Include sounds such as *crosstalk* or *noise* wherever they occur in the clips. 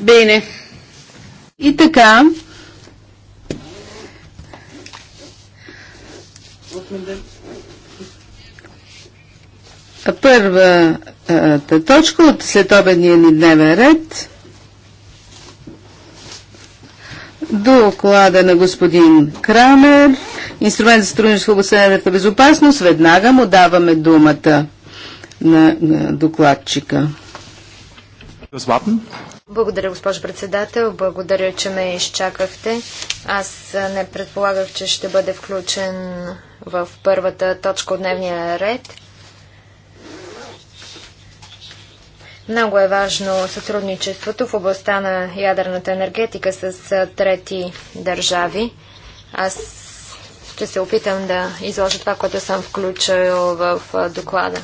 Bene. И така. Първата е, точка от следобедния ни дневен ред до на господин Крамер, инструмент за сътрудничество в областта безопасност, веднага му даваме думата на, на докладчика. Das Wappen? Благодаря, госпожо председател. Благодаря, че ме изчакахте. Аз не предполагах, че ще бъде включен в първата точка от дневния ред. Много е важно сътрудничеството в областта на ядерната енергетика с трети държави. Аз ще се опитам да изложа това, което съм включил в доклада.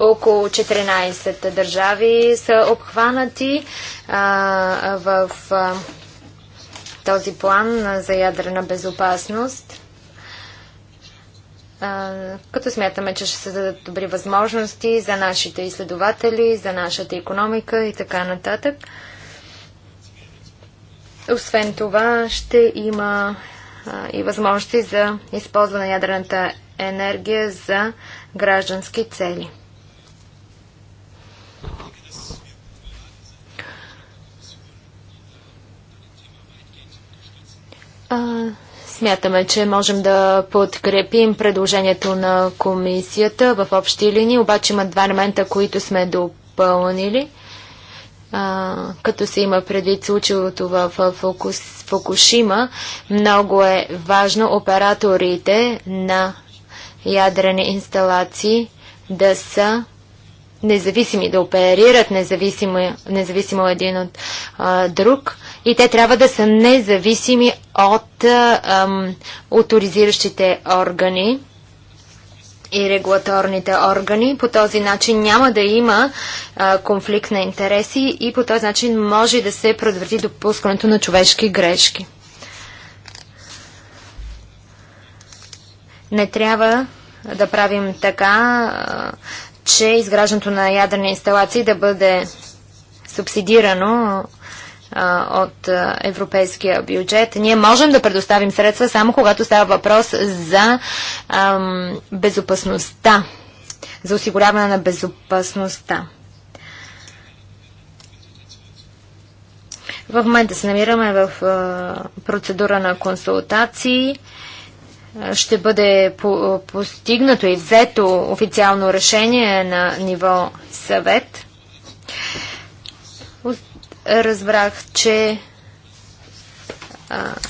Около 14 държави са обхванати а, в а, този план за ядрена безопасност. като смятаме, че ще се дадат добри възможности за нашите изследователи, за нашата економика и така нататък. Освен това, ще има и възможности за използване на ядрената енергия за граждански цели. А, смятаме, че можем да подкрепим предложението на комисията в общи линии, обаче има два елемента, които сме допълнили. А, като се има предвид случилото в Фокус, Фукушима, много е важно операторите на ядрени инсталации да са независими, да оперират независимо, независимо един от а, друг и те трябва да са независими от авторизиращите органи и регулаторните органи. По този начин няма да има а, конфликт на интереси и по този начин може да се предвърти допускането на човешки грешки. Не трябва да правим така, че изграждането на ядрени инсталации да бъде субсидирано а, от а, европейския бюджет. Ние можем да предоставим средства само когато става въпрос за ам, безопасността, за осигуряване на безопасността. В момента се намираме в а, процедура на консултации ще бъде по постигнато и взето официално решение на ниво съвет. Разбрах, че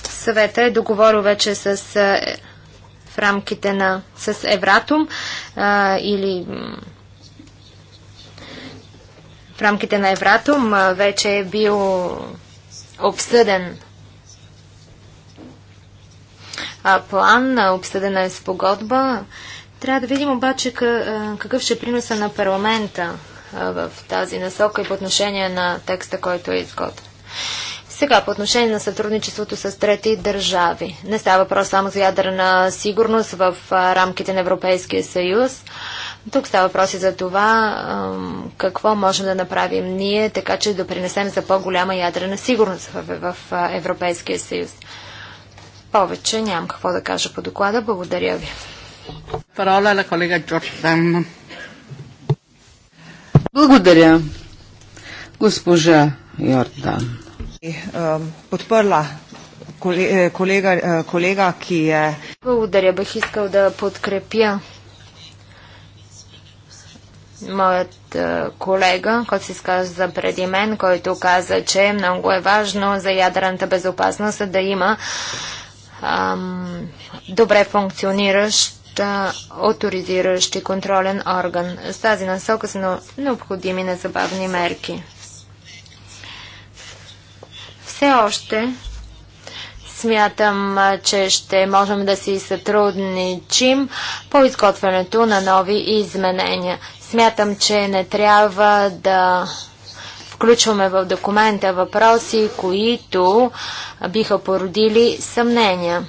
съвета е договорил вече с в рамките на с Евратум а, или в рамките на Евратум а, вече е бил обсъден а, план, обсъдена е спогодба. Трябва да видим обаче какъв ще е приноса на парламента в тази насока и по отношение на текста, който е изготвен. Сега, по отношение на сътрудничеството с трети държави. Не става въпрос само за ядрена сигурност в рамките на Европейския съюз. Тук става въпрос и за това какво можем да направим ние, така че да принесем за по-голяма ядрена сигурност в Европейския съюз. Повече нямам какво да кажа по доклада. Благодаря ви. Парола на колега Джордан. Благодаря, госпожа Йордан. Е, подпърла е, колега, е, колега, ки е... Благодаря, бих искал да подкрепя моят колега, който се каза преди мен, който каза, че много е важно за ядрената безопасност да има ам, добре функциониращ авторизиращ и контролен орган. С тази насока са необходими незабавни мерки. Все още смятам, че ще можем да си сътрудничим по изготвянето на нови изменения. Смятам, че не трябва да включваме в документа въпроси, които биха породили съмнения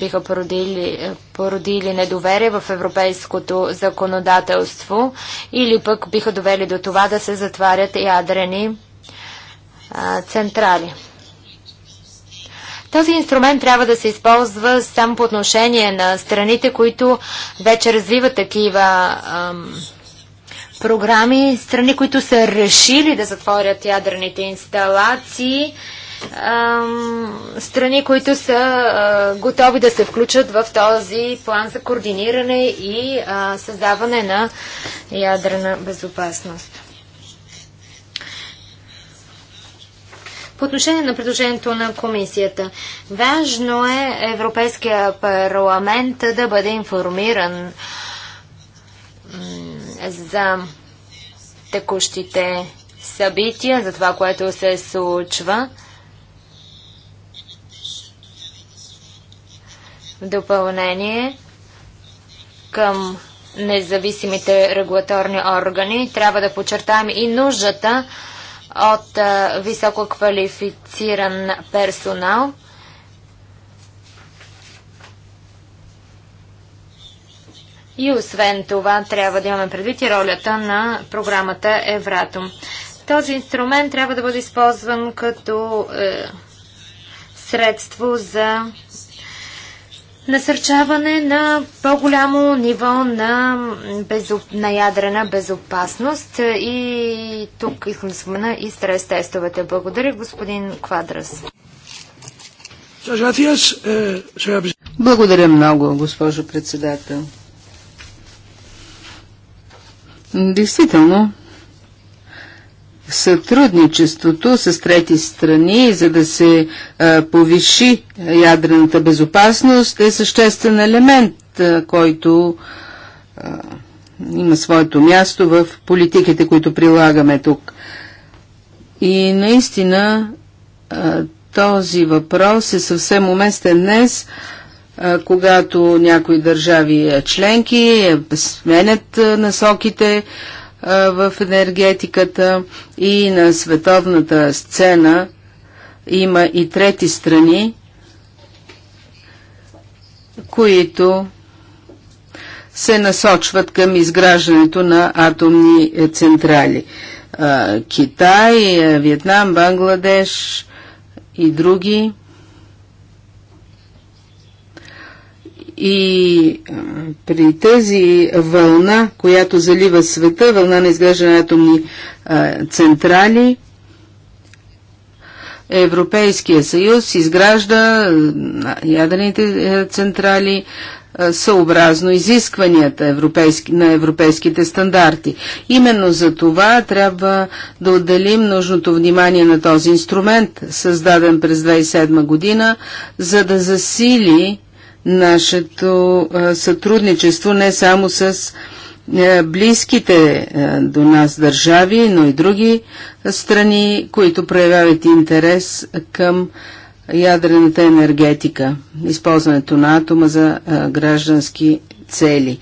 биха породили, породили недоверие в европейското законодателство или пък биха довели до това да се затварят ядрени централи. Този инструмент трябва да се използва само по отношение на страните, които вече развиват такива ам, програми, страни, които са решили да затворят ядрените инсталации, страни, които са готови да се включат в този план за координиране и създаване на ядрена безопасност. По отношение на предложението на комисията, важно е Европейския парламент да бъде информиран за текущите събития, за това, което се случва. В допълнение към независимите регулаторни органи трябва да подчертаем и нуждата от високо квалифициран персонал – И освен това трябва да имаме предвид и ролята на програмата Евратом. Този инструмент трябва да бъде използван като е, средство за насърчаване на по-голямо ниво на, безо... на ядрена безопасност и тук искам да спомена и стрес тестовете. Благодаря, господин Квадрас. Eh, Благодаря много, госпожо председател. Действително, сътрудничеството с трети страни, за да се а, повиши ядрената безопасност, е съществен елемент, а, който а, има своето място в политиките, които прилагаме тук. И наистина този въпрос е съвсем уместен днес, когато някои държави е, членки е, сменят е, насоките в енергетиката и на световната сцена има и трети страни, които се насочват към изграждането на атомни централи. Китай, Виетнам, Бангладеш и други. И при тази вълна, която залива света, вълна на изграждане на атомни централи, Европейския съюз изгражда ядрените е, централи съобразно изискванията европейски, на европейските стандарти. Именно за това трябва да отделим нужното внимание на този инструмент, създаден през 2007 година, за да засили нашето сътрудничество не само с близките до нас държави, но и други страни, които проявяват интерес към ядрената енергетика, използването на атома за граждански цели.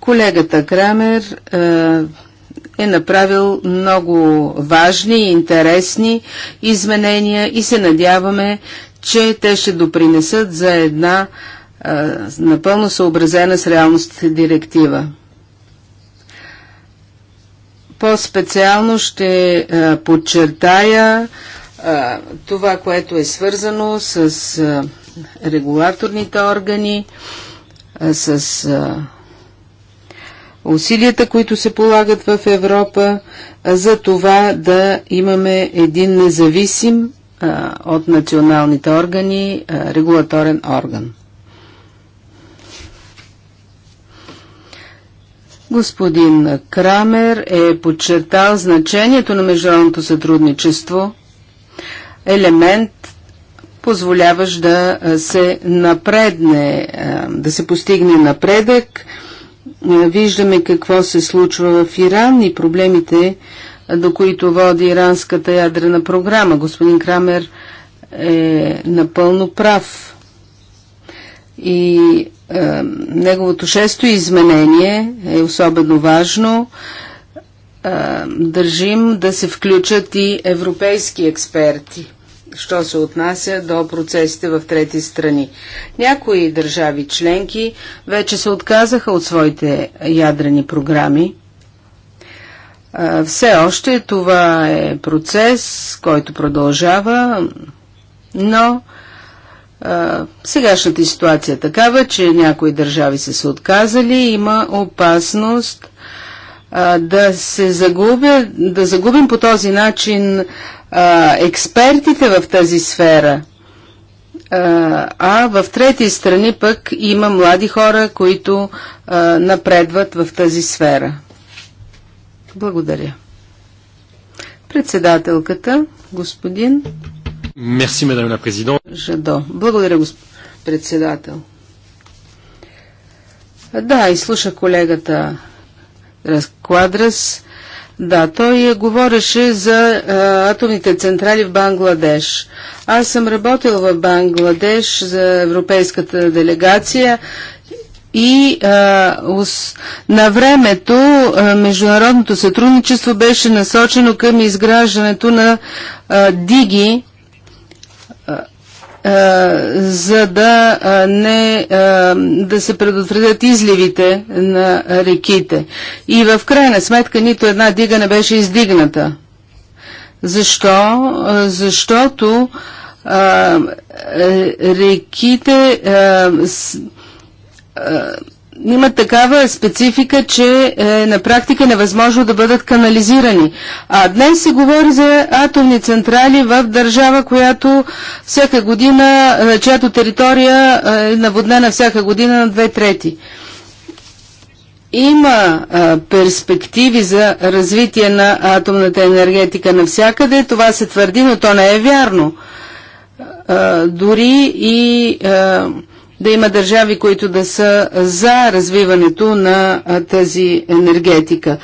Колегата Крамер е направил много важни и интересни изменения и се надяваме, че те ще допринесат за една напълно съобразена с реалностите директива. По-специално ще подчертая това, което е свързано с регулаторните органи, с усилията, които се полагат в Европа за това да имаме един независим от националните органи регулаторен орган. Господин Крамер е подчертал значението на международното сътрудничество, елемент, позволяващ да се напредне, да се постигне напредък. Виждаме какво се случва в Иран и проблемите, до които води иранската ядрена програма. Господин Крамер е напълно прав. И е, неговото шесто изменение е особено важно. Е, държим да се включат и европейски експерти, що се отнася до процесите в трети страни. Някои държави членки вече се отказаха от своите ядрени програми. Е, все още това е процес, който продължава, но сегашната ситуация е такава, че някои държави са се отказали, има опасност да се загубя, да загубим по този начин а, експертите в тази сфера. А, а в трети страни пък има млади хора, които а, напредват в тази сфера. Благодаря. Председателката, господин. Благодаря, господин председател. Да, и слуша колегата Разквадрас. Да, той е- говореше за а, атомните централи в Бангладеш. Аз съм работил в Бангладеш за европейската делегация и а, ус, на времето а, международното сътрудничество беше насочено към изграждането на а, диги е, за да е, не е, да се предотвратят изливите на реките. И в крайна сметка нито една дига не беше издигната. Защо? Защото реките има такава специфика, че е на практика е невъзможно да бъдат канализирани. А днес се говори за атомни централи в държава, която всяка година, е, чиято територия е, е наводнена всяка година на две трети. Има а, перспективи за развитие на атомната енергетика навсякъде. Това се твърди, но то не е вярно. А, дори и а, да има държави, които да са за развиването на тази енергетика.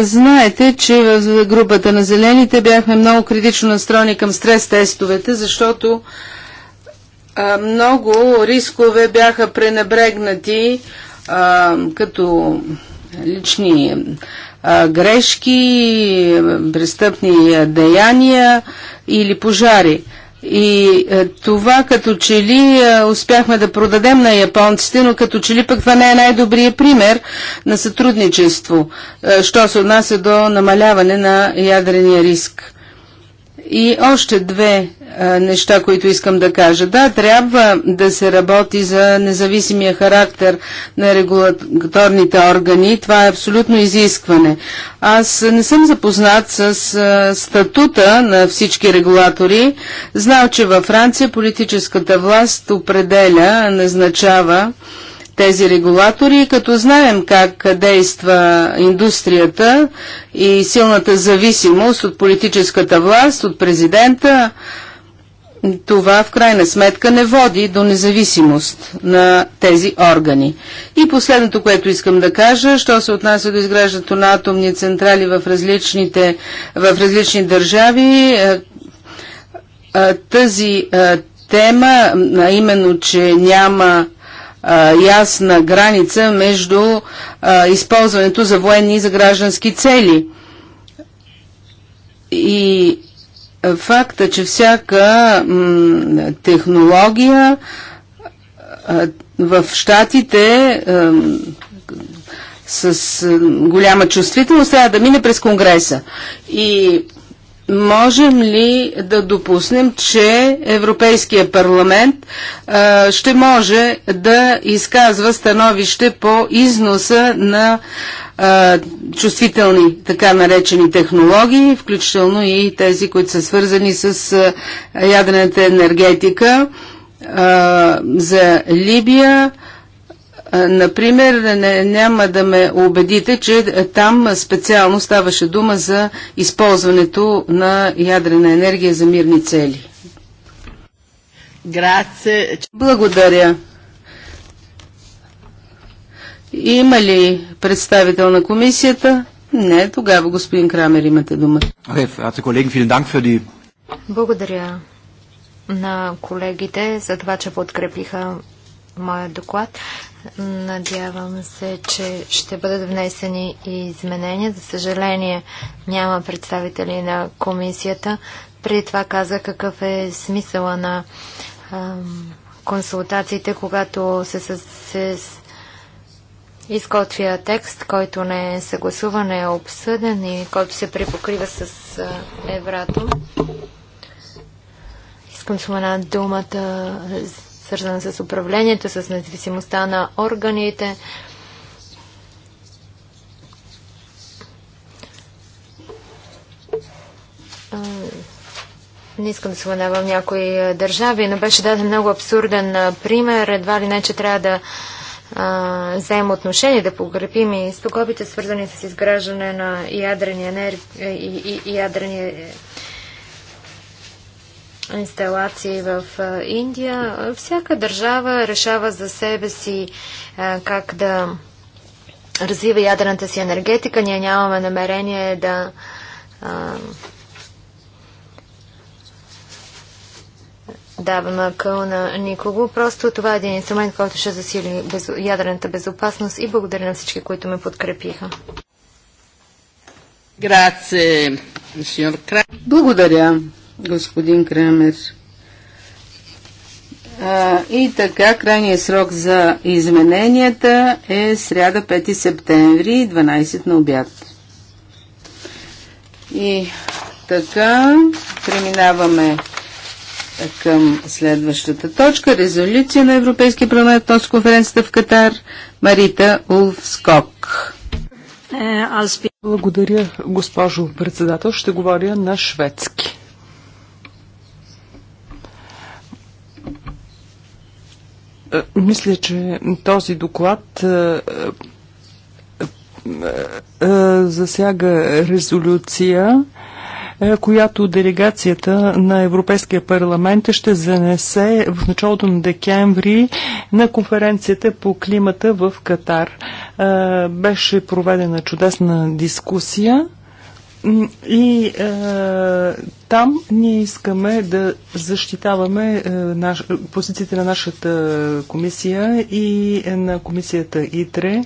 Знаете, че в групата на зелените бяхме много критично настроени към стрес-тестовете, защото много рискове бяха пренебрегнати като лични грешки, престъпни деяния или пожари. И е, това като че ли е, успяхме да продадем на японците, но като че ли пък това не е най-добрият пример на сътрудничество, е, що се отнася до намаляване на ядрения риск. И още две а, е, неща, които искам да кажа. Да, трябва да се работи за независимия характер на регулаторните органи. Това е абсолютно изискване. Аз не съм запознат с а, е, статута на всички регулатори. Знам, че във Франция политическата власт определя, назначава тези регулатори, като знаем как действа индустрията и силната зависимост от политическата власт, от президента, това в крайна сметка не води до независимост на тези органи. И последното, което искам да кажа, що се отнася до изграждането на атомни централи в, различните, в различни държави, е, е, тази е, тема, именно, че няма ясна граница между а, използването за военни и за граждански цели. И факта, че всяка технология а, в щатите с голяма чувствителност трябва да мине през Конгреса. И можем ли да допуснем, че Европейския парламент а, ще може да изказва становище по износа на а, чувствителни така наречени технологии, включително и тези, които са свързани с а, ядрената енергетика за Либия? Например, не, няма да ме убедите, че е, там специално ставаше дума за използването на ядрена енергия за мирни цели. Грация. Благодаря. Има ли представител на комисията? Не, тогава господин Крамер имате думата. Okay, Благодаря на колегите за това, че подкрепиха моя доклад. Надявам се, че ще бъдат внесени и изменения. За съжаление, няма представители на комисията. При това каза какъв е смисъла на ам, консултациите, когато се, се, се изготвя текст, който не е съгласуван, не е обсъден и който се припокрива с а, Евратом. Искам да спомена думата свързана с управлението, с независимостта на органите. Не искам да споменавам някои държави, но беше даден много абсурден пример. Едва ли не, че трябва да а, вземем отношение, да погрепим и спокобите, свързани с изграждане на ядрени енергии и, и, и ядрени инсталации в Индия. Всяка държава решава за себе си как да развива ядрената си енергетика. Ние нямаме намерение да даваме къл на никого. Просто това е един инструмент, който ще засили без... ядрената безопасност и благодаря на всички, които ме подкрепиха. Благодаря, господин Крамер. А, и така, крайният срок за измененията е сряда 5 септември, 12 на обяд. И така, преминаваме към следващата точка. Резолюция на Европейския парламент от конференцията в Катар. Марита Улфскок. Е, Благодаря, госпожо председател. Ще говоря на шведски. Е, мисля, че този доклад е, е, засяга резолюция, която делегацията на Европейския парламент ще занесе в началото на декември на конференцията по климата в Катар. Беше проведена чудесна дискусия. И е, там ние искаме да защитаваме е, наш, позициите на нашата комисия и на комисията ИТРЕ,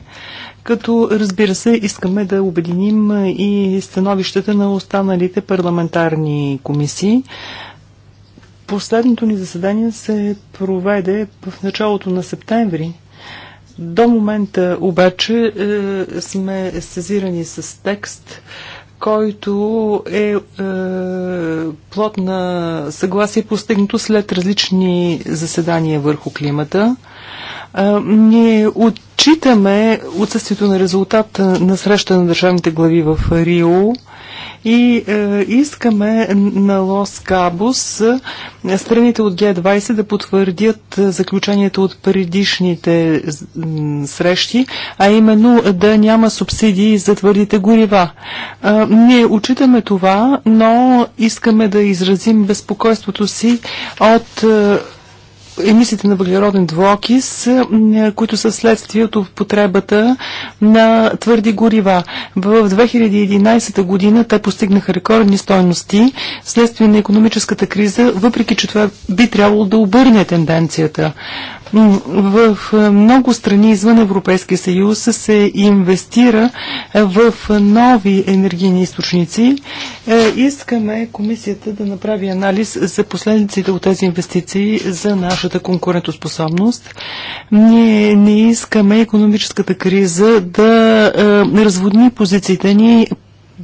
като разбира се искаме да обединим е, и становищата на останалите парламентарни комисии. Последното ни заседание се проведе в началото на септември. До момента обаче е, сме сезирани с текст, е, който е, е плод на съгласие постигнато след различни заседания върху климата. Е, ние отчитаме отсъствието на резултат е, на среща на държавните глави в Рио и е, искаме на Лос Кабус е, страните от Г20 да потвърдят е, заключението от предишните срещи, а именно да няма субсидии за твърдите горива. Е, ние учитаме това, но искаме да изразим безпокойството си от е, емисиите на въглероден двуокис, които са следствие от употребата на твърди горива. В 2011 година те постигнаха рекордни стойности следствие на економическата криза, въпреки че това би трябвало да обърне тенденцията. В много страни извън Европейския съюз се инвестира в нови енергийни източници. Е, искаме комисията да направи анализ за последиците от тези инвестиции за нашата конкурентоспособност. Ние не искаме економическата криза да е, разводни позициите ни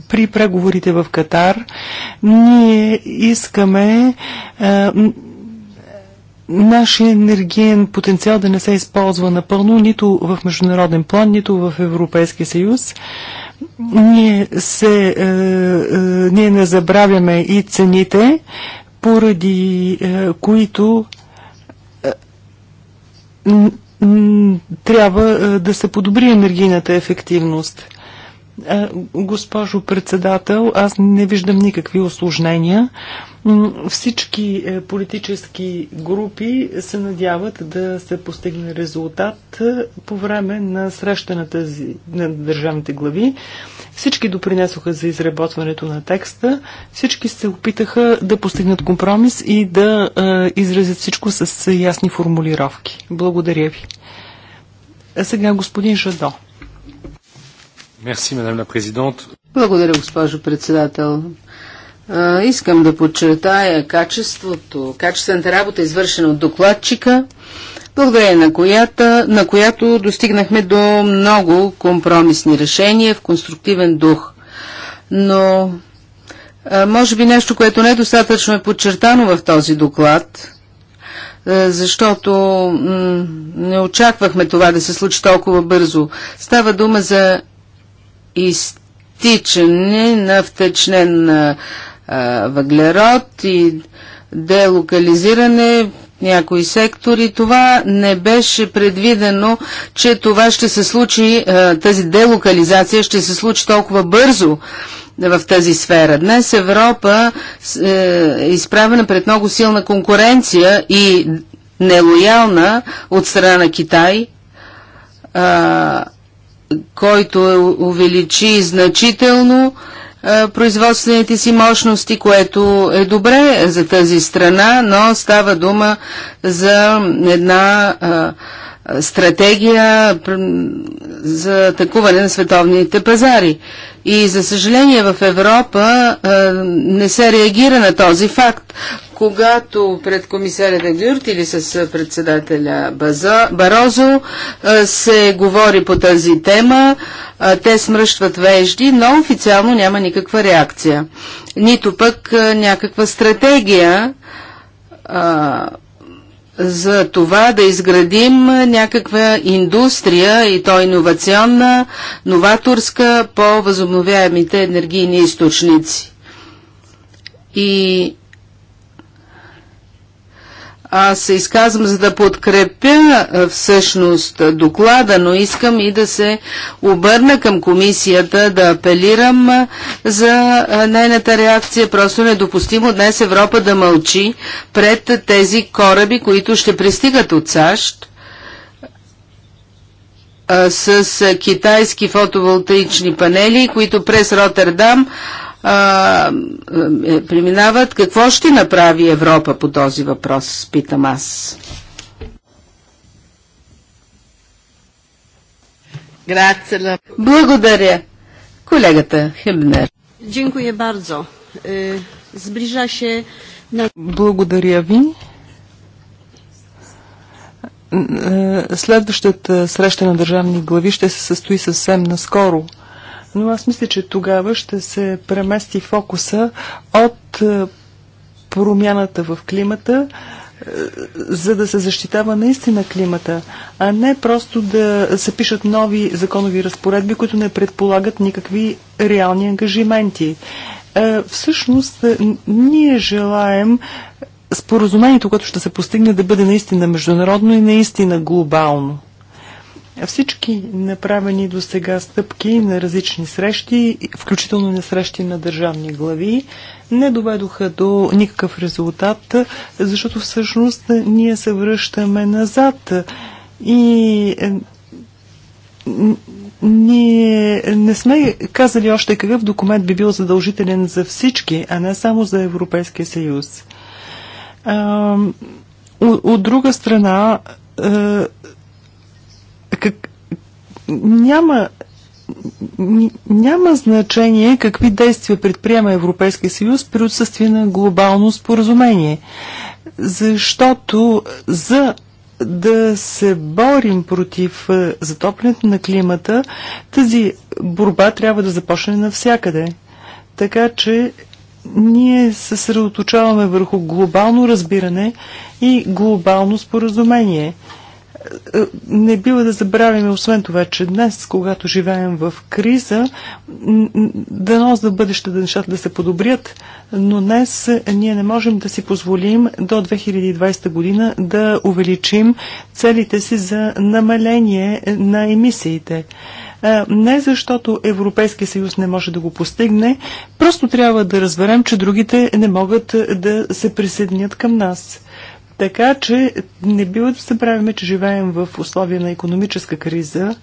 при преговорите в Катар. Ние искаме е, нашия енергиен потенциал да не се използва напълно нито в международен план, нито в Европейския съюз. Ние, се, е, е, ние не забравяме и цените, поради е, които е, трябва е, да се подобри енергийната ефективност. Е, госпожо председател, аз не виждам никакви осложнения. Всички е, политически групи се надяват да се постигне резултат е, по време на среща на, тази, на държавните глави. Всички допринесоха за изработването на текста, всички се опитаха да постигнат компромис и да е, изразят всичко с ясни формулировки. Благодаря ви. А сега господин Жадо. Благодаря, госпожо председател. искам да подчертая качеството, качествената работа, извършена от докладчика, благодарение на, която, на която достигнахме до много компромисни решения в конструктивен дух. Но може би нещо, което недостатъчно е, е подчертано в този доклад, защото не очаквахме това да се случи толкова бързо. Става дума за изтичане на втечнен а, въглерод и делокализиране в някои сектори. Това не беше предвидено, че това ще се случи, тази делокализация ще се случи толкова бързо в тази сфера. Днес Европа е изправена пред много силна конкуренция и нелоялна от страна на Китай който е увеличи значително производствените си мощности, което е добре за тази страна, но става дума за една стратегия за атакуване на световните пазари. И за съжаление в Европа не се реагира на този факт когато пред комисарята Гюрт или с председателя Барозо се говори по тази тема, те смръщват вежди, но официално няма никаква реакция. Нито пък някаква стратегия за това да изградим някаква индустрия и то иновационна, новаторска по възобновяемите енергийни източници. И аз се изказвам за да подкрепя всъщност доклада, но искам и да се обърна към комисията, да апелирам за нейната реакция. Просто е недопустимо днес Европа да мълчи пред тези кораби, които ще пристигат от САЩ с китайски фотоволтаични панели, които през Роттердам а, е, преминават. Какво ще направи Европа по този въпрос, питам аз. Благодаря. Колегата Хебнер. Dziękuję bardzo. Zbliża е, на... Благодаря ви. Е, следващата среща на държавни глави ще се състои съвсем наскоро – но аз мисля, че тогава ще се премести фокуса от е, промяната в климата, е, за да се защитава наистина климата, а не просто да се пишат нови законови разпоредби, които не предполагат никакви реални ангажименти. Е, всъщност, ние желаем споразумението, което ще се постигне, да бъде наистина международно и наистина глобално. Всички направени до сега стъпки на различни срещи, включително на срещи на държавни глави, не доведоха до никакъв резултат, защото всъщност ние се връщаме назад и е, ние не сме казали още какъв документ би бил задължителен за всички, а не само за Европейския съюз. От друга страна, е, как... Няма няма значение какви действия предприема Европейския съюз при отсъствие на глобално споразумение. Защото за да се борим против е, затоплянето на климата, тази борба трябва да започне навсякъде. Така че ние се съсредоточаваме върху глобално разбиране и глобално споразумение – не бива да забравяме, освен това, че днес, когато живеем в криза, дано за бъдеще да нещата да се подобрят, но днес ние не можем да си позволим до 2020 година да увеличим целите си за намаление на емисиите не защото Европейския съюз не може да го постигне, просто трябва да разберем, че другите не могат да се присъединят към нас. Така че не бива да забравяме, че живеем в условия на економическа криза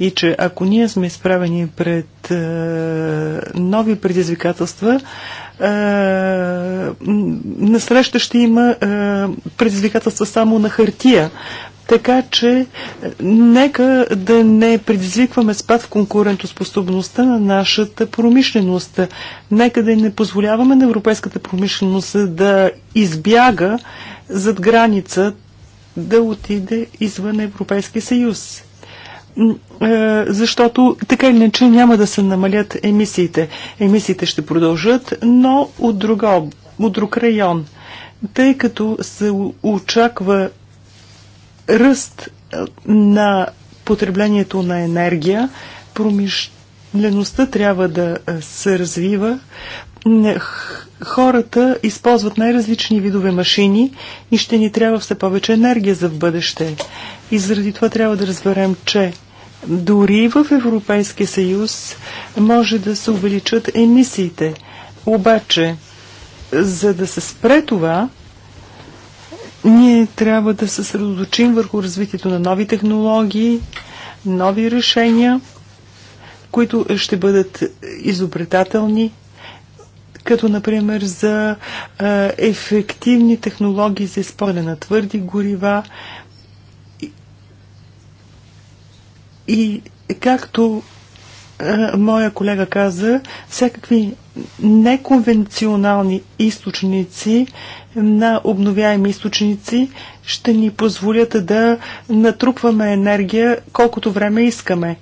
и че ако ние сме изправени пред е, нови предизвикателства, е, насреща ще има е, предизвикателства само на хартия. Така че е, нека да не предизвикваме спад в конкурентоспособността на нашата промишленост. Нека да не позволяваме на европейската промишленост да избяга зад граница да отиде извън Европейския съюз. Е, защото така или иначе няма да се намалят емисиите. Емисиите ще продължат, но от, друга, от друг район. Тъй като се очаква ръст е, на потреблението на енергия, промишлеността трябва да се развива, хората използват най-различни видове машини и ще ни трябва все повече енергия за в бъдеще. И заради това трябва да разберем, че дори в Европейския съюз може да се увеличат емисиите. Обаче, за да се спре това, ние трябва да се съсредоточим върху развитието на нови технологии, нови решения, които ще бъдат изобретателни, като например за ефективни технологии за използване на твърди горива и както моя колега каза, всякакви неконвенционални източници на обновяеми източници ще ни позволят да натрупваме енергия колкото време искаме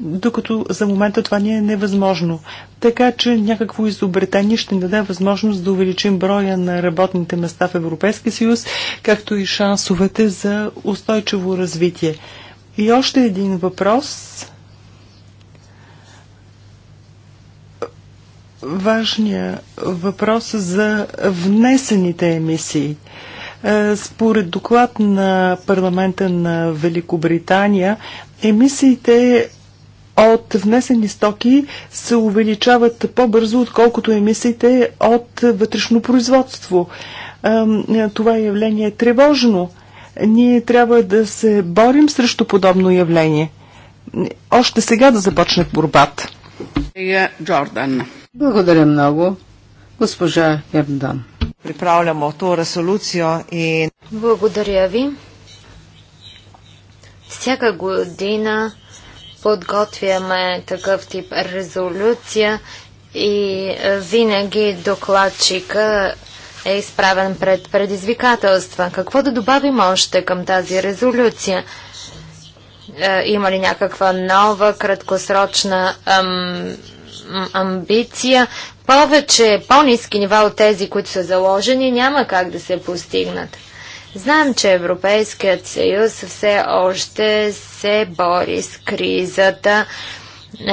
докато за момента това ни е невъзможно. Така че някакво изобретение ще ни даде възможност да увеличим броя на работните места в Европейския съюз, както и шансовете за устойчиво развитие. И още един въпрос. Важният въпрос за внесените емисии. Е, според доклад на парламента на Великобритания, емисиите от внесени стоки се увеличават по-бързо, отколкото емисиите от вътрешно производство. Това явление е тревожно. Ние трябва да се борим срещу подобно явление. Още сега да започне борбата. Е, Джордан. Благодаря много, госпожа Ердан. Приправляме ту резолюция и... Благодаря ви. Всяка година подготвяме такъв тип резолюция и е, винаги докладчика е изправен пред предизвикателства. Какво да добавим още към тази резолюция? Е, има ли някаква нова краткосрочна ам, амбиция? Повече, по-низки нива от тези, които са заложени, няма как да се постигнат. Знаем, че Европейският съюз все още се бори с кризата.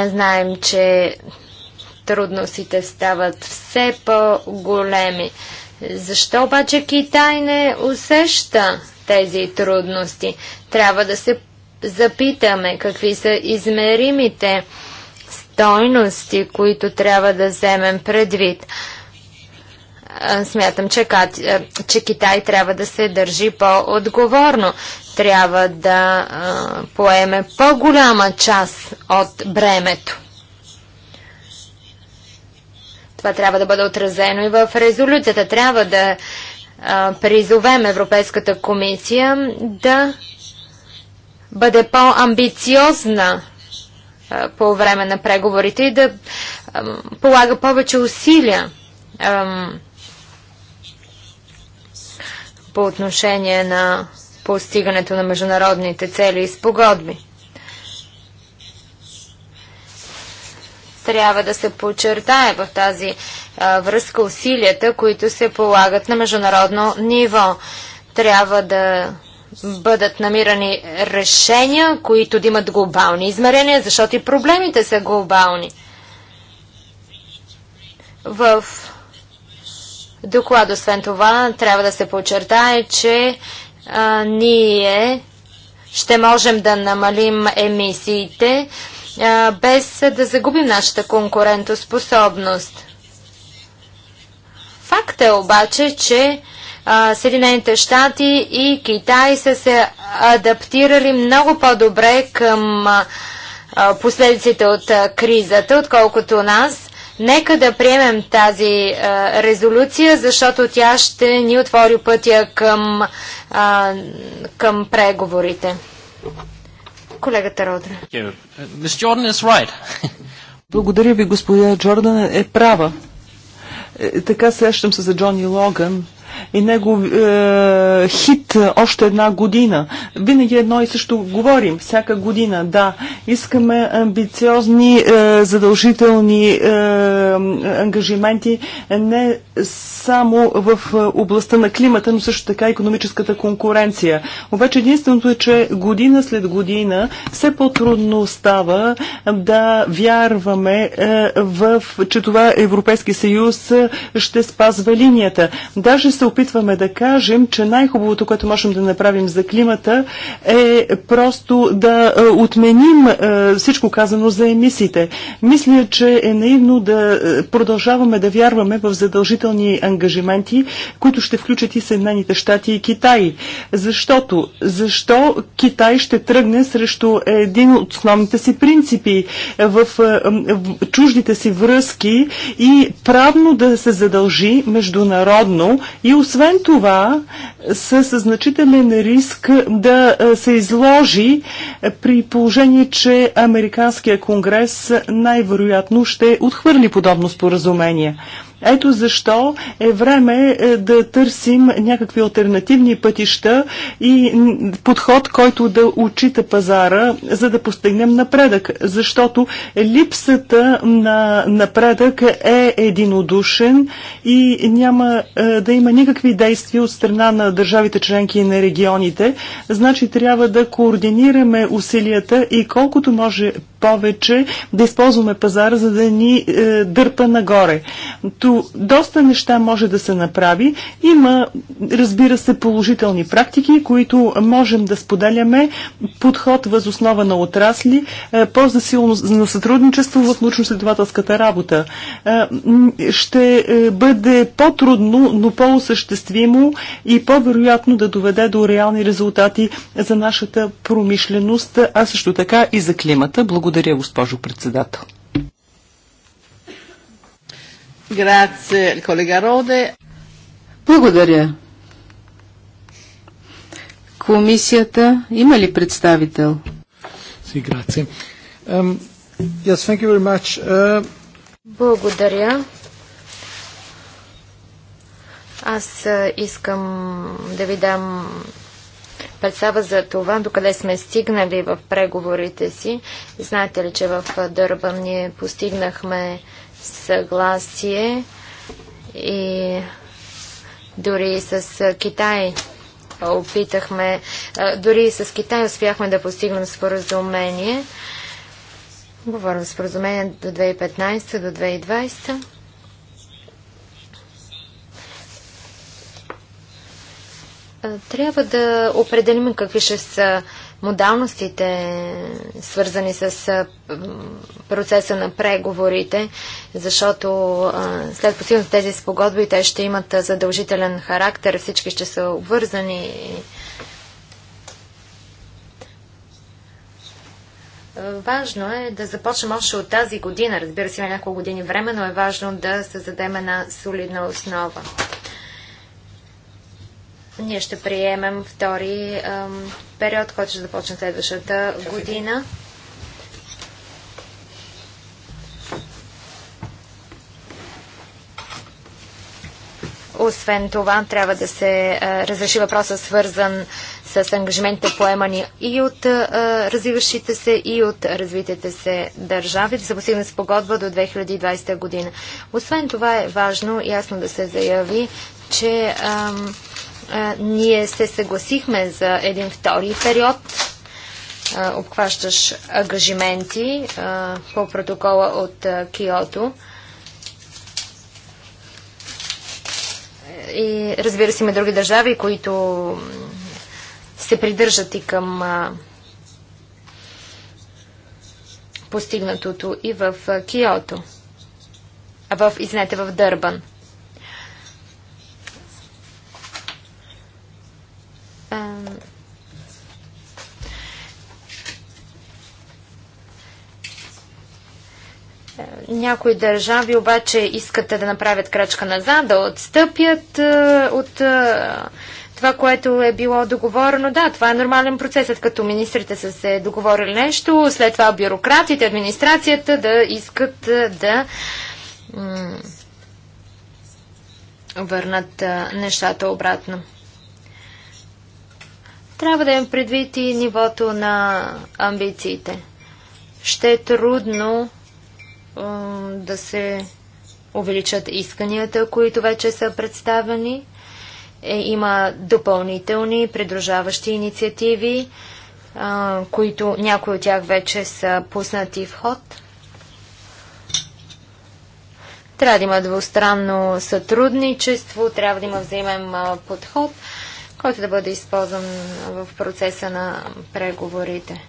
Знаем, че трудностите стават все по-големи. Защо обаче Китай не усеща тези трудности? Трябва да се запитаме какви са измеримите стойности, които трябва да вземем предвид смятам, че, че Китай трябва да се държи по-отговорно. Трябва да поеме по-голяма част от бремето. Това трябва да бъде отразено и в резолюцията. Трябва да призовем Европейската комисия да бъде по-амбициозна по време на преговорите и да полага повече усилия по отношение на постигането на международните цели и спогодби. Трябва да се подчертае в тази а, връзка усилията, които се полагат на международно ниво. Трябва да бъдат намирани решения, които да имат глобални измерения, защото и проблемите са глобални. В доклад. Освен това, трябва да се подчертае, че а, ние ще можем да намалим емисиите а, без да загубим нашата конкурентоспособност. Факт е обаче, че Съединените щати и Китай са се адаптирали много по-добре към последиците от кризата, отколкото нас. Нека да приемем тази а, резолюция, защото тя ще ни отвори пътя към, а, към преговорите. Колегата Родре. Uh, right. *laughs* Благодаря ви, господина Джордан е права. Е, така срещам се за Джони Логан и негов е, хит още една година. Винаги едно и също говорим, всяка година, да. Искаме амбициозни е, задължителни е, ангажименти не само в областта на климата, но също така економическата конкуренция. Обаче единственото е, че година след година все по-трудно става да вярваме е, в, че това Европейски съюз ще спазва линията. Даже се опитваме да кажем, че най-хубавото, което можем да направим за климата е просто да е, отменим е, всичко казано за емисиите. Мисля, че е наивно да е, продължаваме да вярваме в задължителни ангажименти, които ще включат и Съединените щати и Китай. Защото? Защо Китай ще тръгне срещу един от основните си принципи в, в чуждите си връзки и правно да се задължи международно и освен това са със значителен риск да се изложи при положение, че Американския конгрес най-вероятно ще отхвърли подобно споразумение. Ето защо е време е, да търсим някакви альтернативни пътища и подход, който да учита пазара, за да постигнем напредък. Защото липсата на напредък е единодушен и няма е, да има никакви действия от страна на държавите членки и на регионите. Значи трябва да координираме усилията и колкото може повече да използваме пазара, за да ни е, дърпа нагоре като доста неща може да се направи. Има, разбира се, положителни практики, които можем да споделяме подход възоснова на отрасли, е, по-засилно на сътрудничество в научно-следователската работа. Е, ще е, бъде по-трудно, но по-осъществимо и по-вероятно да доведе до реални резултати за нашата промишленост, а също така и за климата. Благодаря, госпожо председател. Роде. Благодаря. Комисията има ли представител? Си, грация. Um, yes, thank you very much. Uh... Благодаря. Аз искам да ви дам представа за това, докъде сме стигнали в преговорите си. Знаете ли, че в Дърбан ние постигнахме съгласие и дори с Китай опитахме, дори с Китай успяхме да постигнем споразумение. Говорим за споразумение до 2015, до 2020. Трябва да определим какви ще са модалностите, свързани с процеса на преговорите, защото след посилно тези спогодби те ще имат задължителен характер, всички ще са обвързани. Важно е да започнем още от тази година. Разбира се, има няколко години време, но е важно да създадем една солидна основа. Ние ще приемем втори ам, период, който ще започне следващата година. Освен това, трябва да се а, разреши въпроса свързан с ангажиментите поемани и от а, развиващите се, и от развитите се държави, да се постигне с погодба до 2020 година. Освен това е важно ясно да се заяви, че ам, ние се съгласихме за един втори период, обхващаш агажименти ангажименти по протокола от Киото. И разбира се, има други държави, които се придържат и към постигнатото и в Киото. А в, извинете, в Дърбан. Някои държави обаче искат да направят крачка назад, да отстъпят е, от е, това, което е било договорено. Да, това е нормален процес, като министрите са се договорили нещо, след това бюрократите, администрацията да искат е, да върнат нещата обратно. Трябва да им предвид и нивото на амбициите ще е трудно да се увеличат исканията, които вече са представени. Е, има допълнителни придружаващи инициативи, а, които някои от тях вече са пуснати в ход. Трябва да има двустранно сътрудничество, трябва да има взаимен подход, който да бъде използван в процеса на преговорите.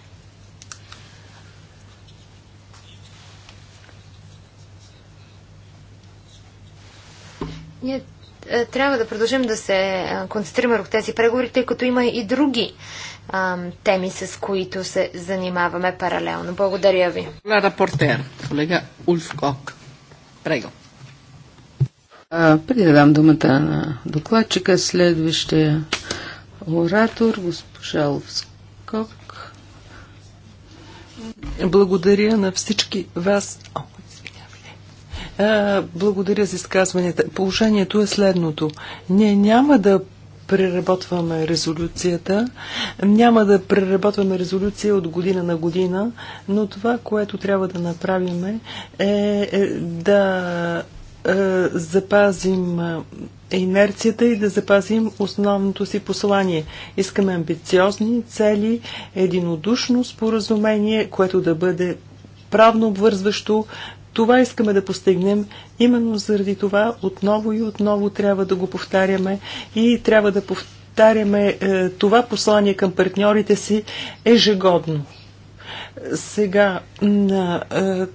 Ние е, трябва да продължим да се е, концентрираме върху тези преговори, тъй като има и други а, е, теми, с които се занимаваме паралелно. Благодаря ви. Портер, колега Ульф Кок. Прего. преди да дам думата на докладчика, следващия оратор, госпожа Кок. Благодаря на всички вас. О. Е, благодаря за изказванията. Положението е следното. Ние няма да преработваме резолюцията. Няма да преработваме резолюция от година на година, но това, което трябва да направим е, е, е да запазим инерцията и да запазим основното си послание. Искаме амбициозни цели, единодушно споразумение, което да бъде правно обвързващо, това искаме да постигнем. Именно заради това отново и отново трябва да го повтаряме и трябва да повтаряме е, това послание към партньорите си ежегодно. Сега, е,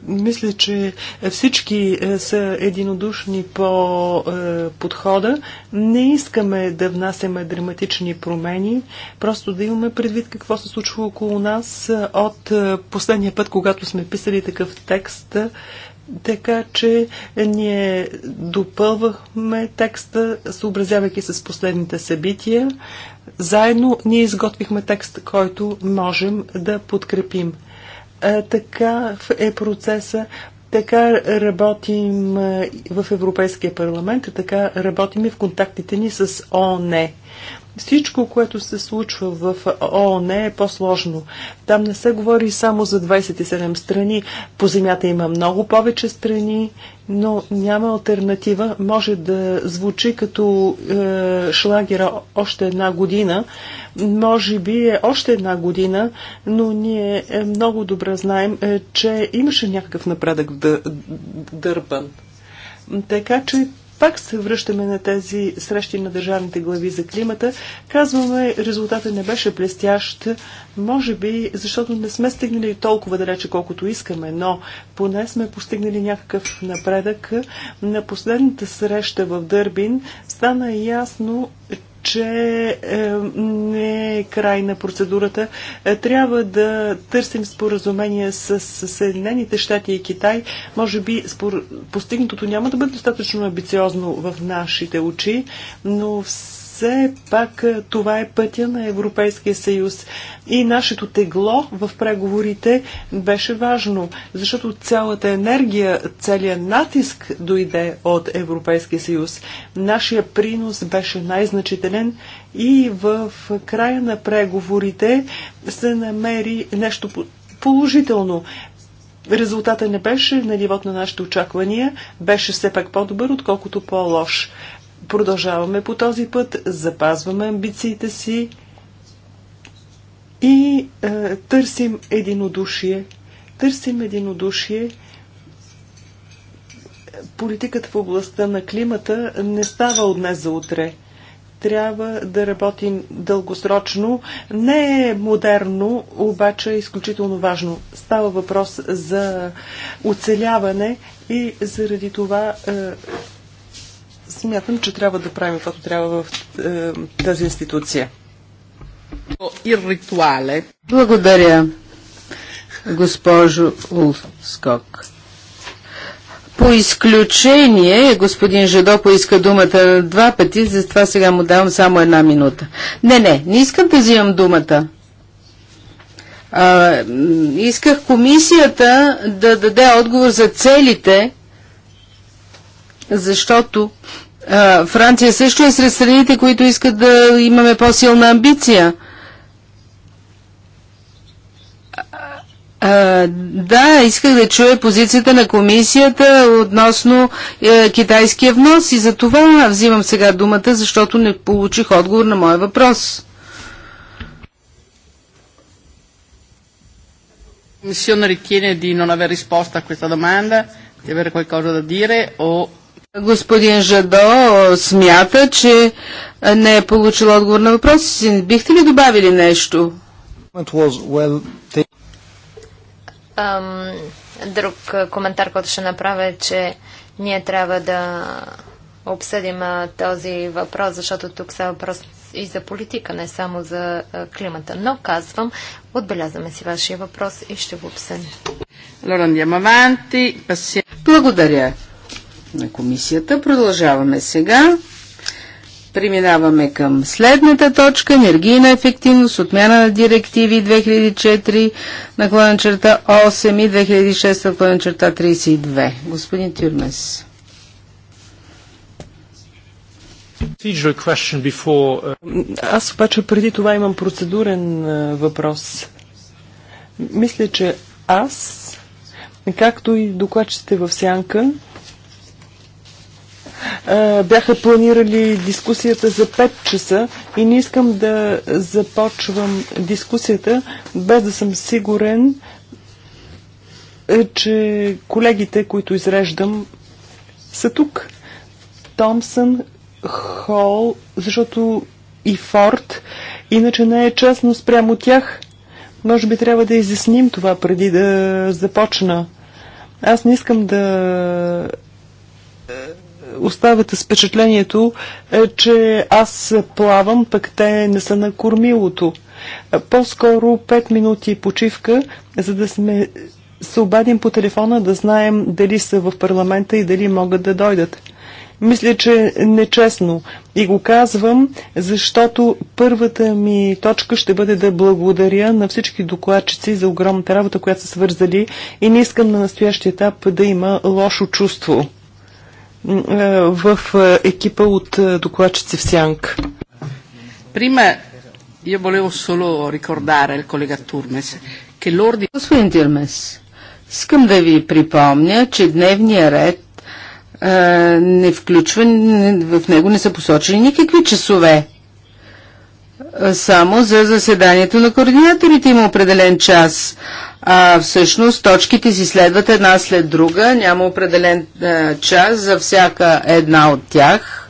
мисля, че всички е, са единодушни по е, подхода. Не искаме да внасяме драматични промени, просто да имаме предвид какво се случва около нас от последния път, когато сме писали такъв текст така че ние допълвахме текста, съобразявайки с последните събития. Заедно ние изготвихме текст, който можем да подкрепим. Така е процеса. Така работим в Европейския парламент, така работим и в контактите ни с ОНЕ. Всичко, което се случва в ООН е по-сложно. Там не се говори само за 27 страни. По земята има много повече страни, но няма альтернатива. Може да звучи като е, шлагера още една година. Може би е още една година, но ние е, много добре знаем, е, че имаше някакъв напредък в Дърбан. Така че пак се връщаме на тези срещи на държавните глави за климата. Казваме, резултата не беше блестящ, може би, защото не сме стигнали толкова далече, колкото искаме, но поне сме постигнали някакъв напредък. На последната среща в Дърбин стана ясно, че е, не е край на процедурата. Е, трябва да търсим споразумение с Съединените щати и Китай. Може би постигнатото няма да бъде достатъчно амбициозно в нашите очи, но все все пак е, това е пътя на Европейския съюз. И нашето тегло в преговорите беше важно, защото цялата енергия, целият натиск дойде от Европейския съюз. Нашия принос беше най-значителен и в края на преговорите се намери нещо положително. Резултата не беше на нивото на нашите очаквания, беше все пак по-добър, отколкото по-лош. Продължаваме по този път, запазваме амбициите си и е, търсим единодушие. Търсим единодушие. Политиката в областта на климата не става от днес за утре трябва да работим дългосрочно. Не е модерно, обаче е изключително важно. Става въпрос за оцеляване и заради това е, смятам, че трябва да правим каквото трябва в е, тази институция. Благодаря, госпожо Улскок. По изключение, господин Жедо поиска думата два пъти, затова сега му давам само една минута. Не, не, не искам да взимам думата. А, исках комисията да даде отговор за целите защото а, Франция също е сред страните, които искат да имаме по-силна амбиция. А, да, исках да чуя позицията на комисията относно е, китайския внос и за това взимам сега думата, защото не получих отговор на моя въпрос. Commissione ritiene di non aver risposto a questa domanda, di avere qualcosa da dire o Господин Жадо смята, че не е получил отговор на въпроса си. Бихте ли добавили нещо? друг коментар, който ще направя е, че ние трябва да обсъдим този въпрос, защото тук са въпрос и за политика, не само за климата. Но казвам, отбелязваме си вашия въпрос и ще го обсъдим. Благодаря на комисията. Продължаваме сега. Преминаваме към следната точка. Енергийна ефективност, отмяна на директиви 2004 клана черта 8 и 2006 клана черта 32. Господин Тюрмес. Аз обаче преди това имам процедурен въпрос. Мисля, че аз, както и докладчите в Сянка, е, бяха планирали дискусията за 5 часа и не искам да започвам дискусията без да съм сигурен, е, че колегите, които изреждам, са тук. Томсън, Хол, защото и Форд, иначе не е честно спрямо тях. Може би трябва да изясним това преди да започна. Аз не искам да оставате с впечатлението, е, че аз плавам, пък те не са на кормилото. Е, по-скоро 5 минути почивка, за да сме се обадим по телефона да знаем дали са в парламента и дали могат да дойдат. Мисля, че е нечестно и го казвам, защото първата ми точка ще бъде да благодаря на всички докладчици за огромната работа, която са свързали и не искам на настоящия етап да има лошо чувство в е, екипа от е, докладчици в Сянк. Prima io volevo solo ricordare al collega Turmes che l'ordine... Господин Тирмес, искам да ви припомня, че дневния ред а, е, не включва, в него не са посочени никакви часове. Само за заседанието на координаторите има определен час а, всъщност точките си следват една след друга, няма определен а, час за всяка една от тях.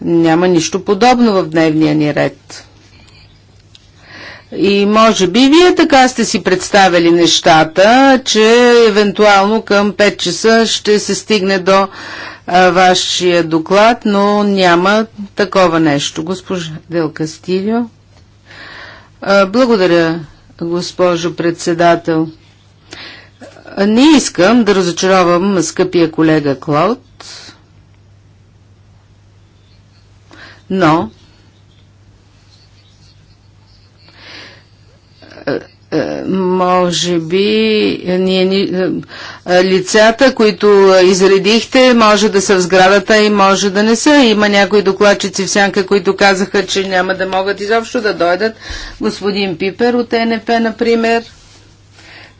Няма нищо подобно в дневния ни ред. И може би вие така сте си представили нещата, че евентуално към 5 часа ще се стигне до а, вашия доклад, но няма такова нещо. Госпожа Дел Благодаря, госпожо председател. Не искам да разочаровам скъпия колега Клауд, но Е, може би е, ние, е, лицата, които изредихте, може да са в сградата и може да не са. Има някои докладчици в сянка, които казаха, че няма да могат изобщо да дойдат. Господин Пипер от НП, например.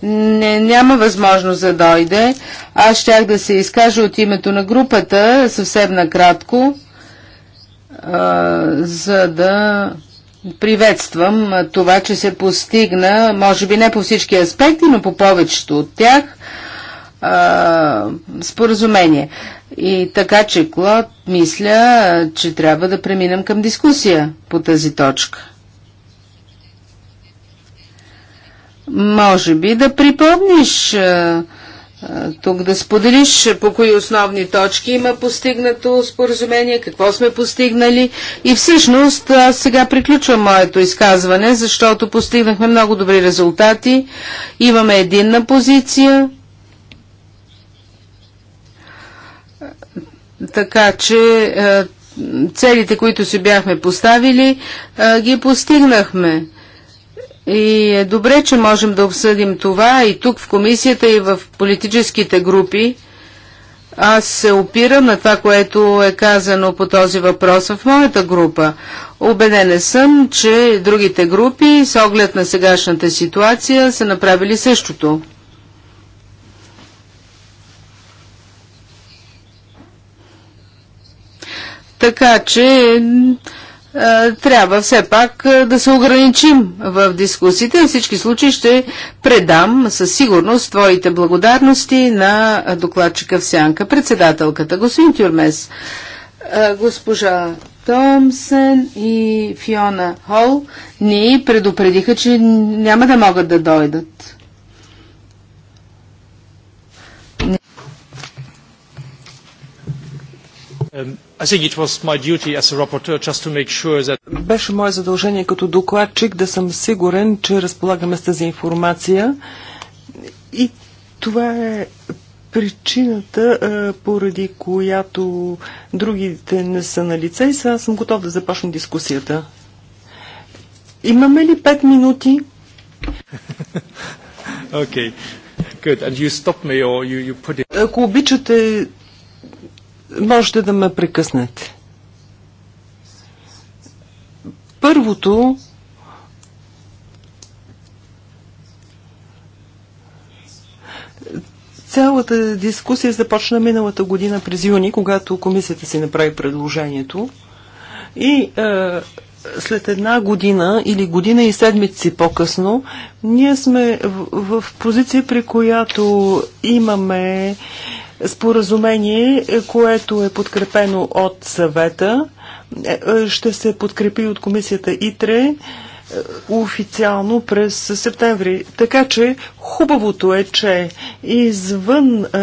Не, няма възможност да дойде. Аз щях да се изкажа от името на групата съвсем накратко, а, за да Приветствам това, че се постигна, може би не по всички аспекти, но по повечето от тях, а, споразумение. И така, че Клод, мисля, че трябва да преминем към дискусия по тази точка. Може би да припомниш а, тук да споделиш по кои основни точки има постигнато споразумение, какво сме постигнали. И всъщност аз сега приключвам моето изказване, защото постигнахме много добри резултати. Имаме единна позиция. Така че целите, които си бяхме поставили, ги постигнахме. И е добре, че можем да обсъдим това и тук в комисията, и в политическите групи. Аз се опирам на това, което е казано по този въпрос в моята група. Обедена е съм, че другите групи, с оглед на сегашната ситуация, са направили същото. Така че е, трябва все пак е, да се ограничим в дискусите. В всички случаи ще предам със сигурност твоите благодарности на докладчика в сянка, председателката. Господин Тюрмес, е, госпожа Томсен и Фиона Хол ни предупредиха, че няма да могат да дойдат. Um, Беше мое задължение като докладчик да съм сигурен, че разполагаме с тази информация и това е причината, поради която другите не са на лице и сега съм готов да започна дискусията. Имаме ли пет минути? Окей. *laughs* Okay. Good. And you stop me or you, you put it... Ако обичате, Можете да ме прекъснете. Първото Цялата дискусия започна миналата година през юни, когато комисията си направи предложението. И е, след една година или година и седмици по-късно, ние сме в, в позиция, при която имаме споразумение, което е подкрепено от съвета, е, е, ще се подкрепи от комисията ИТРЕ официално през септември. Така че хубавото е, че извън, е,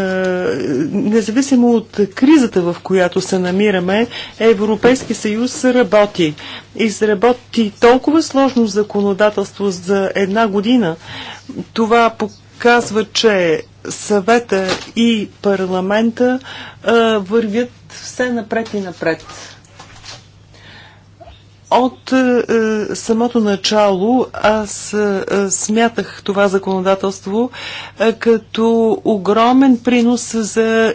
независимо от кризата, в която се намираме, Европейски съюз работи. Изработи толкова сложно законодателство за една година. Това показва, че съвета и парламента е, вървят все напред и напред. От е, е, самото начало аз е, е, смятах това законодателство е, като огромен принос за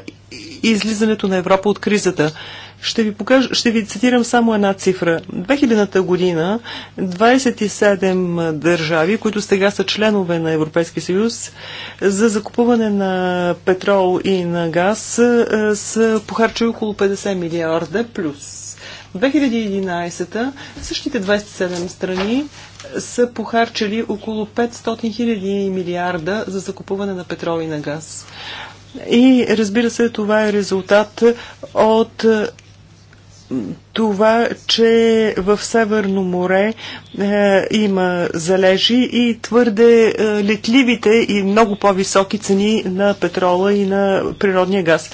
излизането на Европа от кризата. Ще ви, покажа, ще ви цитирам само една цифра. 2000-та година 27 държави, които сега са членове на Европейския съюз, за закупуване на петрол и на газ е, са похарчили около 50 милиарда плюс. 2011 същите 27 страни са похарчили около 500 000 милиарда за закупуване на петрол и на газ. И разбира се, това е резултат от това, че в Северно море е, има залежи и твърде е, летливите и много по-високи цени на петрола и на природния газ.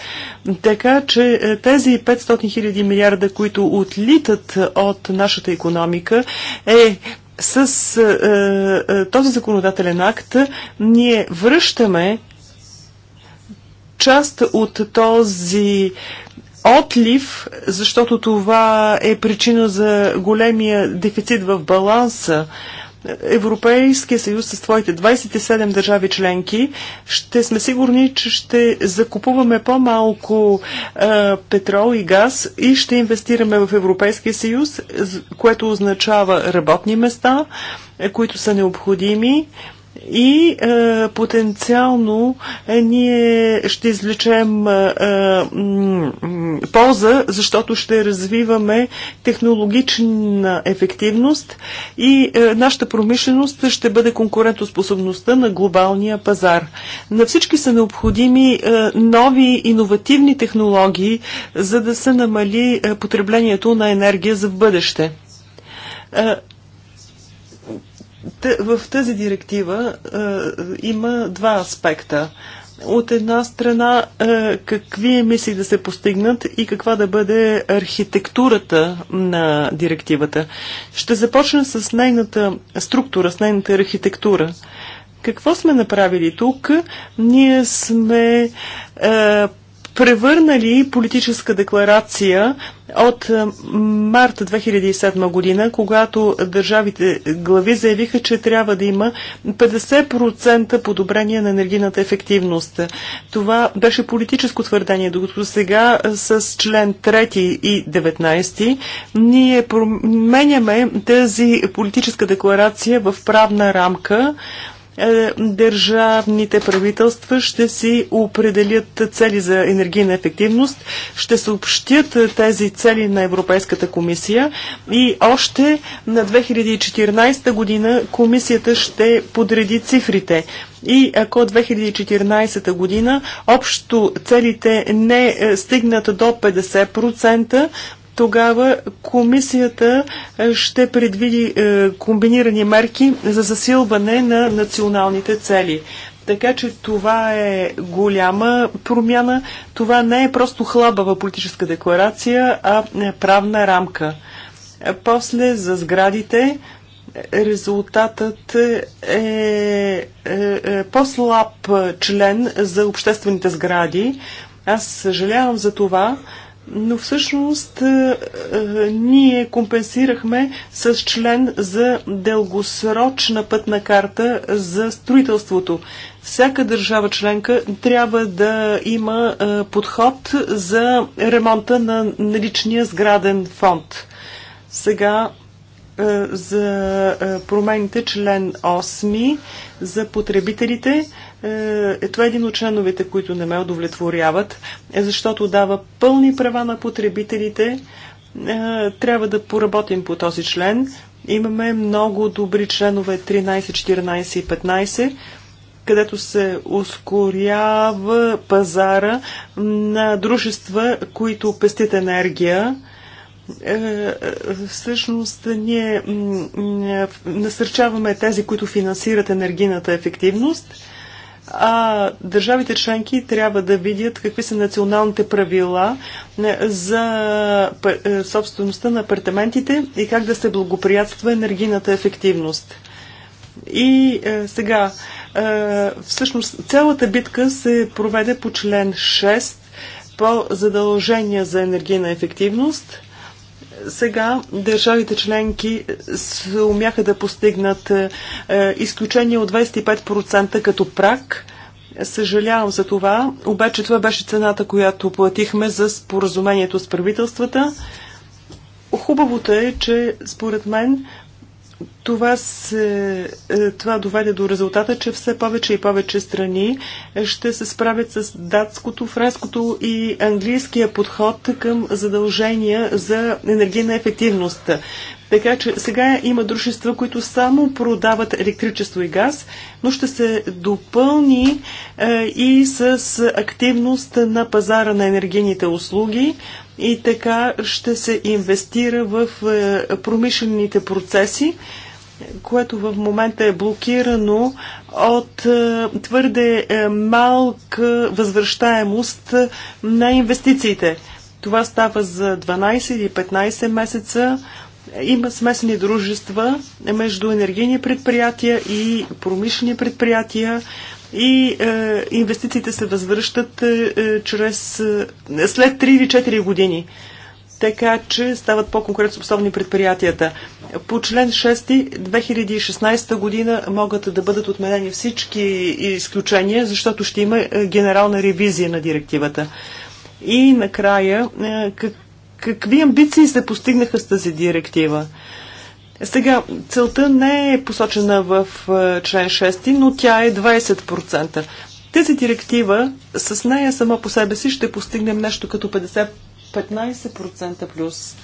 Така че е, тези 500 000 милиарда, които отлитат от нашата економика, е с е, е, този законодателен акт ние връщаме част от този отлив, защото това е причина за големия дефицит в баланса. Европейския съюз с твоите 27 държави членки, ще сме сигурни, че ще закупуваме по-малко е, петрол и газ и ще инвестираме в Европейския съюз, което означава работни места, е, които са необходими и е, потенциално е, ние ще извлечем е, е, полза, защото ще развиваме технологична ефективност и е, нашата промишленост ще бъде конкурентоспособността на глобалния пазар. На всички са необходими е, нови иновативни технологии, за да се намали е, потреблението на енергия за в бъдеще. Е, в тази директива е, има два аспекта. От една страна, е, какви мисли да се постигнат и каква да бъде архитектурата на директивата. Ще започна с нейната структура, с нейната архитектура. Какво сме направили тук? Ние сме е, превърнали политическа декларация от е, март 2007 година, когато държавите глави заявиха, че трябва да има 50% подобрение на енергийната ефективност. Това беше политическо твърдение, докато сега е, с член 3 и 19 ние променяме тази политическа декларация в правна рамка, е, държавните правителства ще си определят цели за енергийна ефективност, ще съобщят тези цели на Европейската комисия и още на 2014 година комисията ще подреди цифрите и ако 2014 година общо целите не е, стигнат до 50%, тогава комисията е, ще предвиди е, комбинирани мерки за засилване на националните цели. Така че това е голяма промяна. Това не е просто хлабава политическа декларация, а е, правна рамка. После за сградите резултатът е, е, е по-слаб член за обществените сгради. Аз съжалявам за това, но всъщност е, е, ние компенсирахме с член за дългосрочна пътна карта за строителството. Всяка държава членка трябва да има е, подход за ремонта на наличния сграден фонд. Сега е, за е, промените член 8 за потребителите. Е, това е един от членовете, които не ме удовлетворяват, защото дава пълни права на потребителите. трябва да поработим по този член. Имаме много добри членове 13, 14 и 15 където се ускорява пазара на дружества, които пестят енергия е, всъщност ние е, насърчаваме тези, които финансират енергийната ефективност, а държавите членки трябва да видят какви са националните правила е, за собствеността на апартаментите и как да се благоприятства енергийната ефективност. И е, сега, е, всъщност, цялата битка се проведе по член 6 по задължения за енергийна ефективност – сега държавите членки умяха да постигнат е, е, изключение от 25% като прак. Съжалявам за това, обаче това беше цената, която платихме за споразумението с правителствата. Хубавото е, че според мен това, се, е, това доведе до резултата, че все повече и повече страни ще се справят с датското, френското и английския подход към задължения за енергийна ефективност. Така че сега има дружества, които само продават електричество и газ, но ще се допълни е, и с активност на пазара на енергийните услуги и така ще се инвестира в е, промишлените процеси което в момента е блокирано от е, твърде малка възвръщаемост на инвестициите. Това става за 12 или 15 месеца. Има смесени дружества между енергийни предприятия и промишлени предприятия и е, инвестициите се възвръщат е, е чрез, е, след 3 или 4 години. Така че стават по-конкретно способни предприятията. По член 6 2016 година могат да бъдат отменени всички изключения, защото ще има е, генерална ревизия на директивата. И накрая, е, как какви амбиции се постигнаха с тази директива? Сега, целта не е посочена в е, член 6, но тя е 20%. Тази директива, с нея сама по себе си ще постигнем нещо като 50-15% плюс.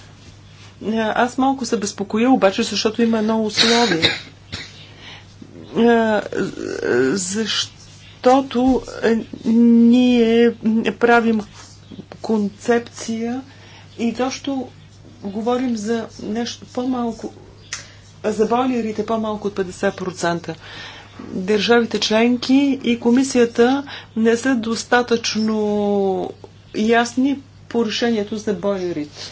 Е, аз малко се безпокоя, обаче, защото има едно условие. Е, защото ние правим концепция и точно говорим за нещо по-малко, за бойлерите по-малко от 50%. Държавите членки и комисията не са достатъчно ясни по решението за бойлерите.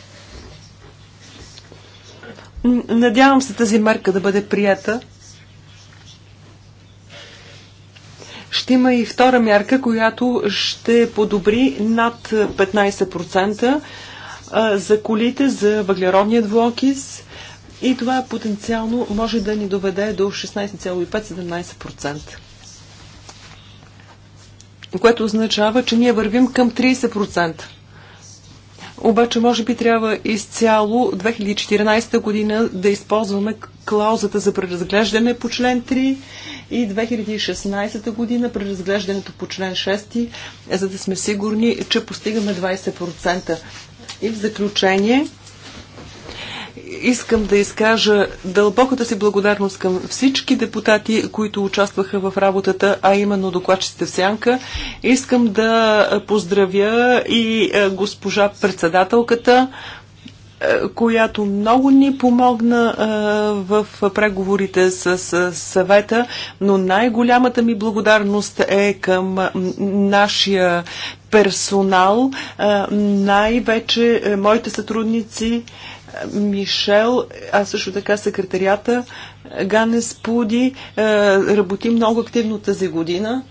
Надявам се тази марка да бъде прията. Ще има и втора мярка, която ще подобри над 15% за колите, за въглеродния двуокис и това потенциално може да ни доведе до 16,5-17%. Което означава, че ние вървим към 30%. Обаче, може би трябва изцяло 2014 година да използваме клаузата за преразглеждане по член 3 и 2016 година преразглеждането по член 6, за да сме сигурни, че постигаме 20%. И в заключение искам да изкажа дълбоката си благодарност към всички депутати, които участваха в работата, а именно докладчиците в Сянка. Искам да поздравя и е, госпожа председателката, е, която много ни помогна е, в преговорите с съвета, но най-голямата ми благодарност е към нашия персонал, е, най-вече моите сътрудници Мишел, а също така секретарията Ганес Пуди. Работи много активно тази година.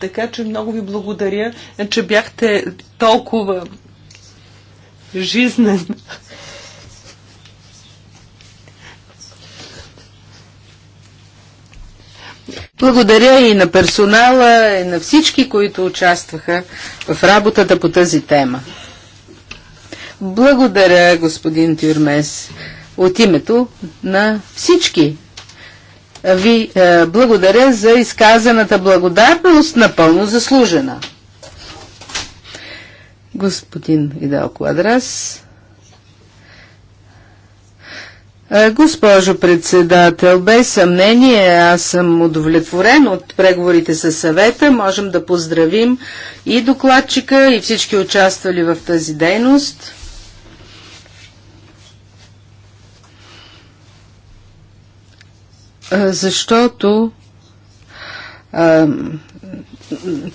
Така че много ви благодаря, че бяхте толкова жизнен. Благодаря и на персонала, и на всички, които участваха в работата по тази тема. Благодаря, господин Тюрмес, от името на всички. Ви е, благодаря за изказаната благодарност, напълно заслужена. Господин Идал Квадрас. Е, госпожо председател, без съмнение аз съм удовлетворен от преговорите със съвета. Можем да поздравим и докладчика, и всички участвали в тази дейност. Е, защото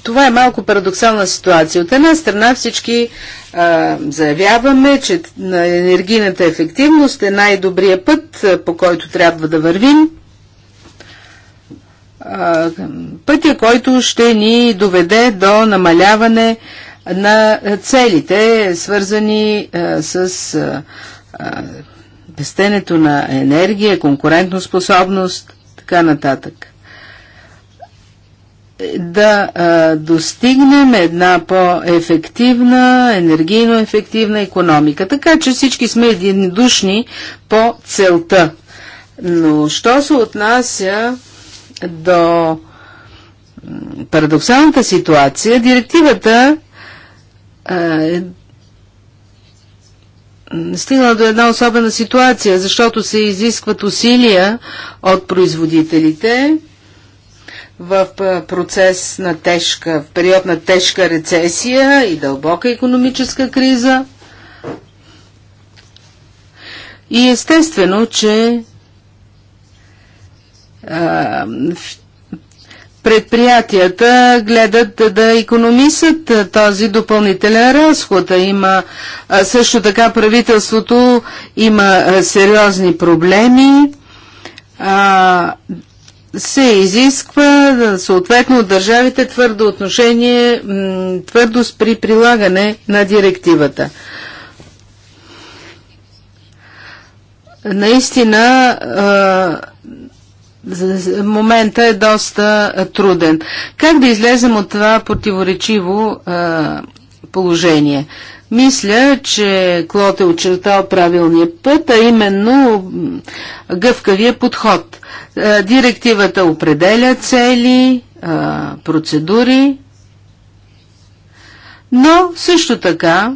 това е малко парадоксална ситуация. От една страна всички а, заявяваме, че на енергийната ефективност е най-добрия път, по който трябва да вървим. А, пътя, който ще ни доведе до намаляване на целите, свързани а, с а, а, пестенето на енергия, конкурентоспособност, така нататък да а, достигнем една по-ефективна, енергийно ефективна економика. Така че всички сме единодушни по целта. Но що се отнася до парадоксалната ситуация, директивата а, е стигнала до една особена ситуация, защото се изискват усилия от производителите, в процес на тежка, в период на тежка рецесия и дълбока економическа криза. И естествено, че а, предприятията гледат да економисат този допълнителен разход. Има също така правителството има сериозни проблеми. А, се изисква съответно от държавите твърдо отношение, твърдост при прилагане на директивата. Наистина момента е доста труден. Как да излезем от това противоречиво положение. Мисля, че Клод е очертал правилния път, а именно гъвкавия подход. Директивата определя цели, процедури, но също така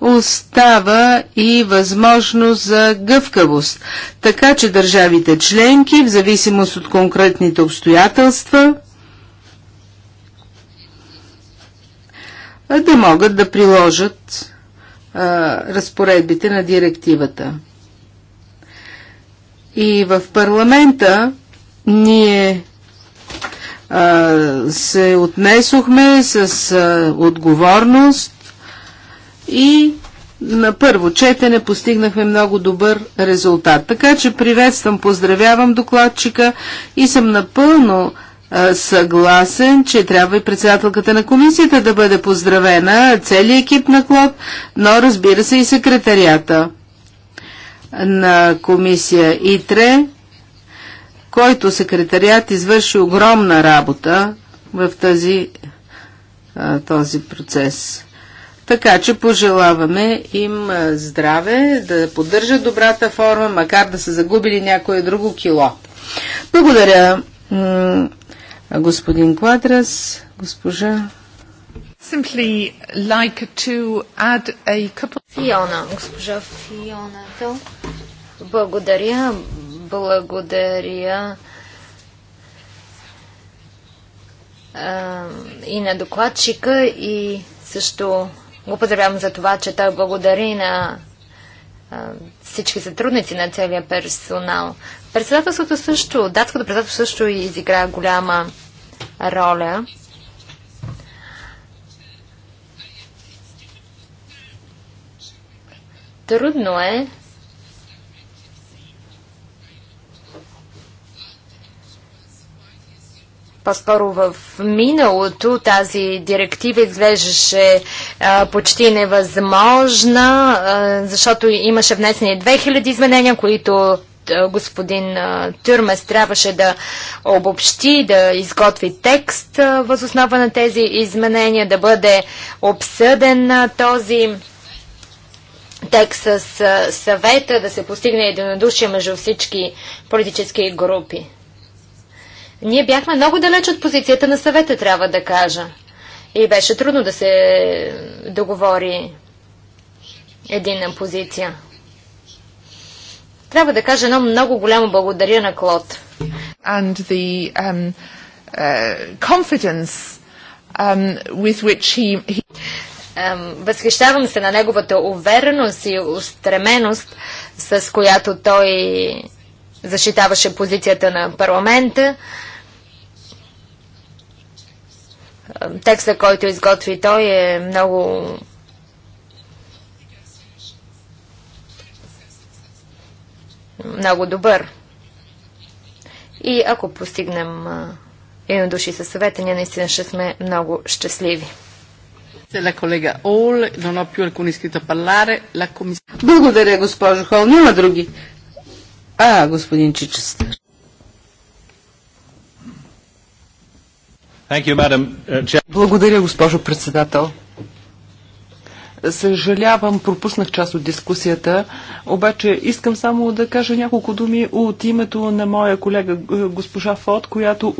остава и възможност за гъвкавост, така че държавите членки, в зависимост от конкретните обстоятелства, да могат да приложат а, разпоредбите на директивата. И в парламента ние а, се отнесохме с а, отговорност и на първо четене постигнахме много добър резултат. Така че приветствам, поздравявам докладчика и съм напълно съгласен, че трябва и председателката на комисията да бъде поздравена, целият екип на клуб, но разбира се и секретарията на комисия ИТРЕ, който секретарият извърши огромна работа в тази, този процес. Така че пожелаваме им здраве, да поддържат добрата форма, макар да са загубили някое друго кило. Благодаря господин Квадрас, госпожа. Simply like to add a couple... Фиона, госпожа Фиона. Благодаря, благодаря и на докладчика и също го поздравявам за това, че той благодари на всички сътрудници на целия персонал. Председателството също, датското председателство също изигра голяма роля. Трудно е По-скоро в миналото тази директива изглеждаше а, почти невъзможна, а, защото имаше внесени 2000 изменения, които господин Тюрмес трябваше да обобщи, да изготви текст възоснова на тези изменения, да бъде обсъден този текст с съвета, да се постигне единодушие между всички политически групи. Ние бяхме много далеч от позицията на съвета, трябва да кажа. И беше трудно да се договори единна позиция. Трябва да кажа едно много голямо благодаря на Клод. And the, um, uh, confidence, um, with which he, he... Um, възхищавам се на неговата увереност и устременост, с която той защитаваше позицията на парламента. Uh, Текста, който изготви той е много много добър. И ако постигнем души със съвета, ние наистина ще сме много щастливи. Благодаря, госпожо Хол. Няма други. А, господин Чичестър. Uh, Благодаря, госпожо председател. Съжалявам, пропуснах част от дискусията, обаче искам само да кажа няколко думи от името на моя колега госпожа Фот, която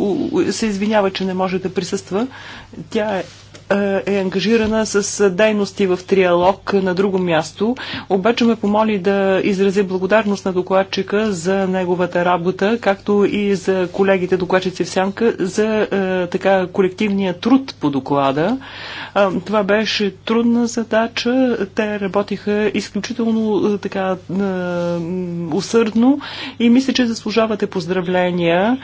се извинява, че не може да присъства. Тя е е ангажирана с дейности в триалог на друго място, обаче ме помоли да изразя благодарност на докладчика за неговата работа, както и за колегите докладчици в Сянка за е, така колективния труд по доклада. Е, това беше трудна задача. Те работиха изключително е, така е, усърдно и мисля, че заслужавате поздравления,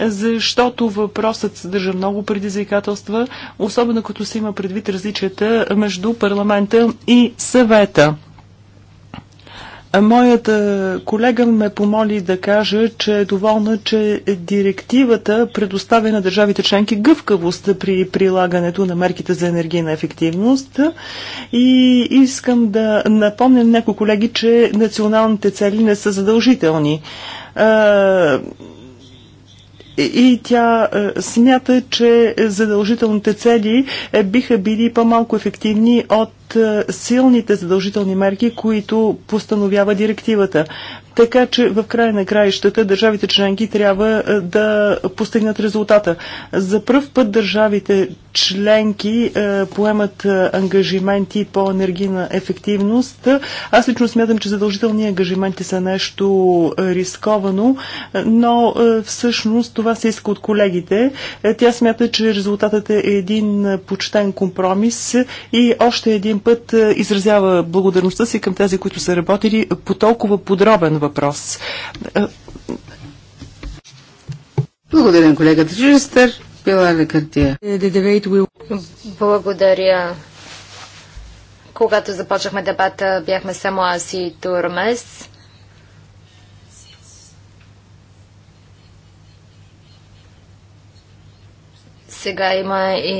е, защото въпросът съдържа много предизвикателства, особено като като се има предвид различията между парламента и съвета. Моята е, колега ме помоли да кажа, че е доволна, че директивата предоставя на държавите членки гъвкавост при прилагането на мерките за енергийна ефективност. И искам да напомня някои колеги, че националните цели не са задължителни е, е, и тя е, смята, че е, задължителните цели биха били по-малко ефективни от силните задължителни мерки, които постановява директивата. Така че в края на краищата държавите членки трябва е, да постигнат резултата. За първ път държавите членки е, поемат е, ангажименти по енергийна ефективност. Аз лично смятам, че задължителни ангажименти са нещо рисковано, но всъщност това се иска от колегите. Тя смята, че резултатът е един почтен компромис и още един път изразява благодарността си към тези, които са работили по толкова подробен въпрос. Благодаря, колегата Чужестър. Пила Лекартия. Благодаря. Когато започнахме дебата, бяхме само аз и Турмес. Сега има и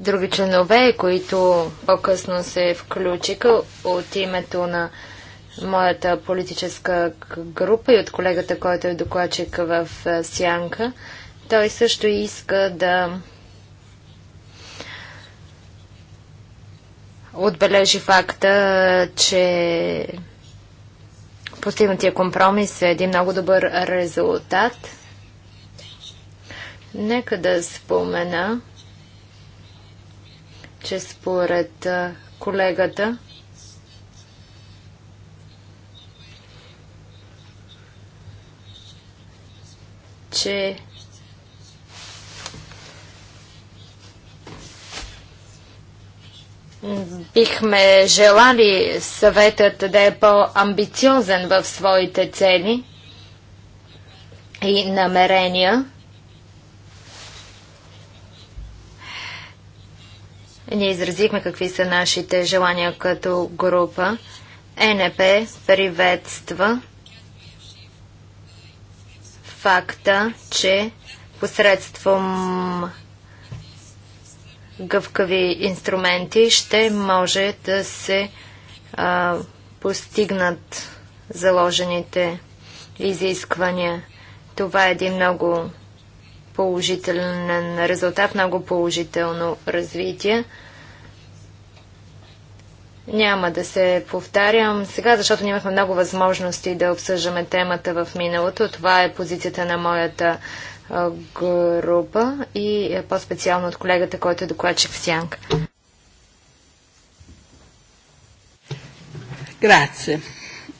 други членове, които по-късно се включиха от името на моята политическа група и от колегата, който е докладчик в е, Сянка. Той също иска да отбележи факта, че постигнатия компромис е един много добър резултат. Нека да спомена, че според е, колегата че бихме желали съветът да е по-амбициозен в своите цели и намерения. Ние изразихме какви са нашите желания като група. Е НП приветства факта, че посредством гъвкави инструменти ще може да се а, постигнат заложените изисквания. Това е един много положителен резултат, много положително развитие. Няма да се повтарям сега, защото нямахме много възможности да обсъждаме темата в миналото. Това е позицията на моята група и е по-специално от колегата, който е докладчик в Сянка. Грация.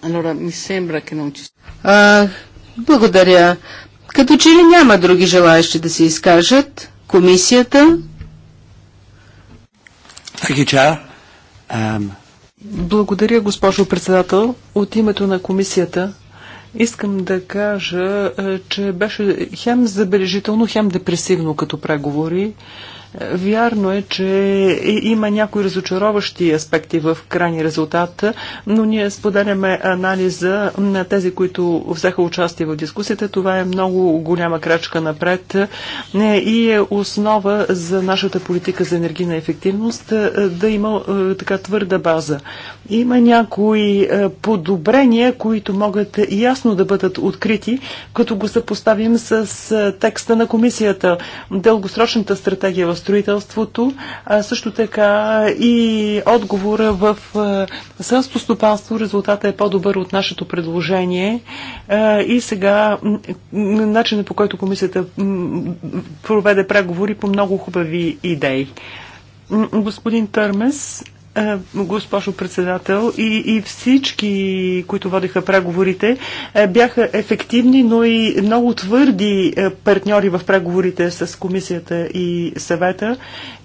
Allora, mi sembra che non ci... а, благодаря. Като че ли няма други желаящи да се изкажат? Комисията? Thank you, благодаря, госпожо председател. От името на комисията искам да кажа, е, че беше хем забележително, хем депресивно като преговори. Вярно е, че има някои разочароващи аспекти в крайния резултат, но ние споделяме анализа на тези, които взеха участие в дискусията. Това е много голяма крачка напред е, и е основа за нашата политика за енергийна ефективност е, да има е, така твърда база. Има някои подобрения, които могат ясно да бъдат открити, като го съпоставим с текста на комисията. Дългосрочната стратегия в строителството, а също така и отговора в селско стопанство. Резултата е по-добър от нашето предложение. И сега начинът по който комисията проведе преговори по много хубави идеи. Господин Търмес, е, госпожо председател, и, и всички, които водиха преговорите, е, бяха ефективни, но и много твърди е, партньори в преговорите с комисията и съвета.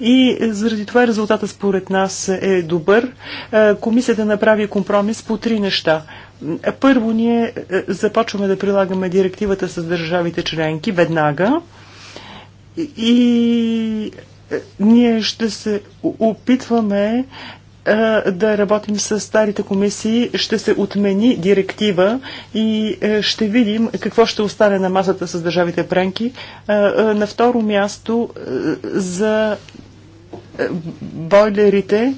И заради това резултата според нас е добър. Комисията направи компромис по три неща. Първо, ние започваме да прилагаме директивата с държавите членки веднага. И ние ще се опитваме да работим с старите комисии. Ще се отмени директива и ще видим какво ще остане на масата с държавите пренки. На второ място за бойлерите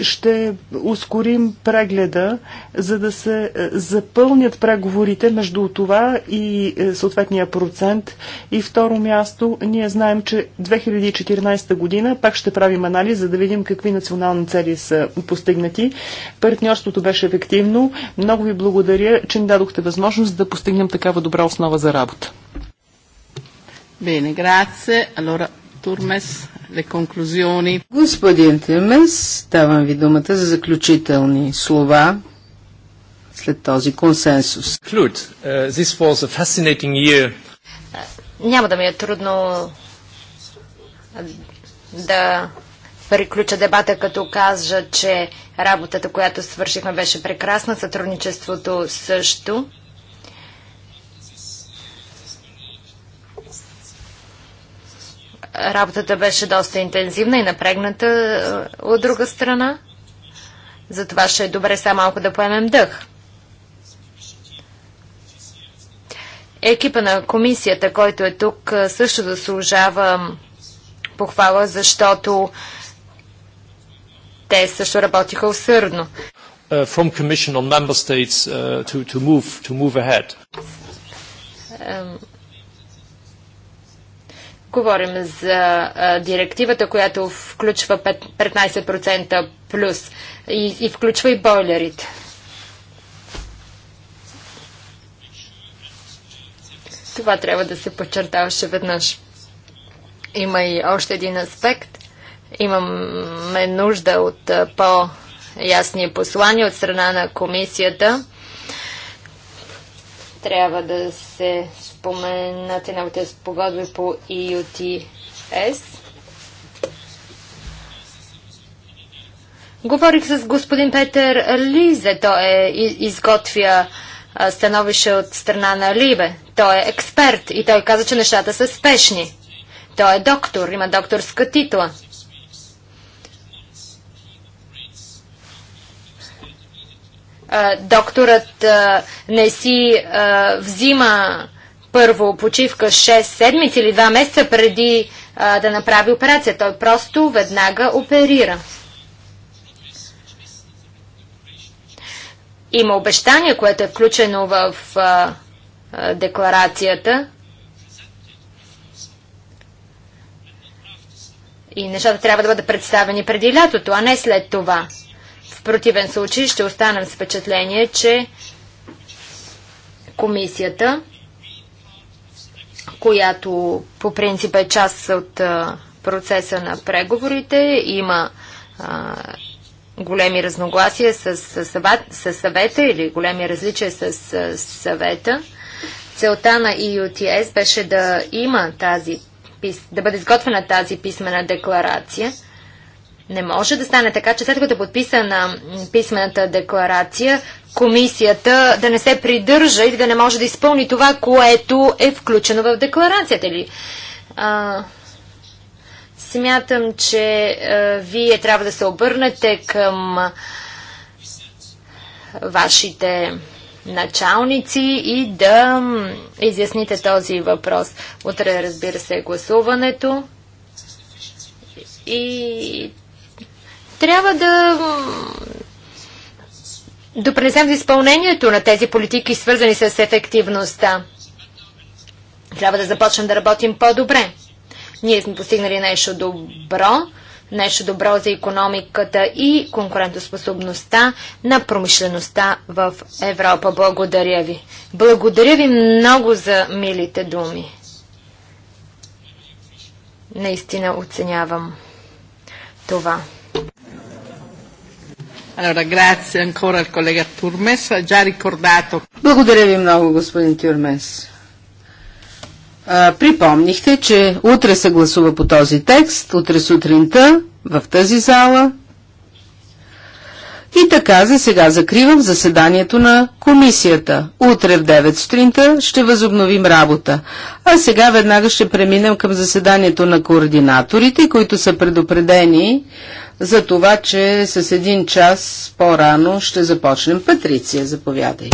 ще ускорим прегледа, за да се е, запълнят преговорите между това и е, съответния процент. И второ място, ние знаем, че 2014 година пак ще правим анализ, за да видим какви национални цели са постигнати. Партньорството беше ефективно. Много ви благодаря, че ни дадохте възможност да постигнем такава добра основа за работа. Bene, grazie. Allora, Turmes. Господин Тимес, давам ви думата за заключителни слова след този консенсус. Е, е, няма да ми е трудно е, да приключа дебата, като кажа, че работата, която свършихме, беше прекрасна, сътрудничеството също. работата беше доста интензивна и напрегната е, от друга страна. Затова ще е добре сега малко да поемем дъх. Екипа на комисията, който е тук, е, също заслужава похвала, защото те също работиха усърдно. Uh, Говорим за а, директивата, която включва 15% плюс и, и включва и бойлерите. Това трябва да се подчертаваше веднъж. Има и още един аспект. Имаме нужда от по-ясни послания от страна на комисията трябва да се споменат и новите спогодби по EUTS. Говорих с господин Петър Лизе. Той е, изготвя становище от страна на Либе. Той е експерт и той каза, че нещата са спешни. Той е доктор, има докторска титла. докторът не си взима първо почивка 6 седмици или 2 месеца преди да направи операция. Той просто веднага оперира. Има обещание, което е включено в декларацията. И нещата трябва да бъдат представени преди лятото, а не след това. В противен случай ще останам с впечатление, че комисията, която по принцип е част от процеса на преговорите, има големи разногласия с, с, с съвета или големи различия с, с съвета. Целта на EUTS беше да има тази да бъде изготвена тази писмена декларация – не може да стане така, че след като е подписана писмената декларация, комисията да не се придържа или да не може да изпълни това, което е включено в декларацията. Ли? А, смятам, че а, вие трябва да се обърнете към вашите началници и да изясните този въпрос. Утре, разбира се, е гласуването и трябва да допринесем за изпълнението на тези политики, свързани с ефективността. Трябва да започнем да работим по-добре. Ние сме постигнали нещо добро, нещо добро за економиката и конкурентоспособността на промишлеността в Европа. Благодаря ви. Благодаря ви много за милите думи. Наистина оценявам това. Allora, grazie ancora al collega Turmes, ha già ricordato. Благодаря ви много, господин Тюрмес. припомнихте, че утре се гласува по този текст, утре сутринта в тази зала и така за сега закривам заседанието на комисията. Утре в 9 сутринта ще възобновим работа. А сега веднага ще преминем към заседанието на координаторите, които са предупредени за това, че с един час по-рано ще започнем. Патриция, заповядай.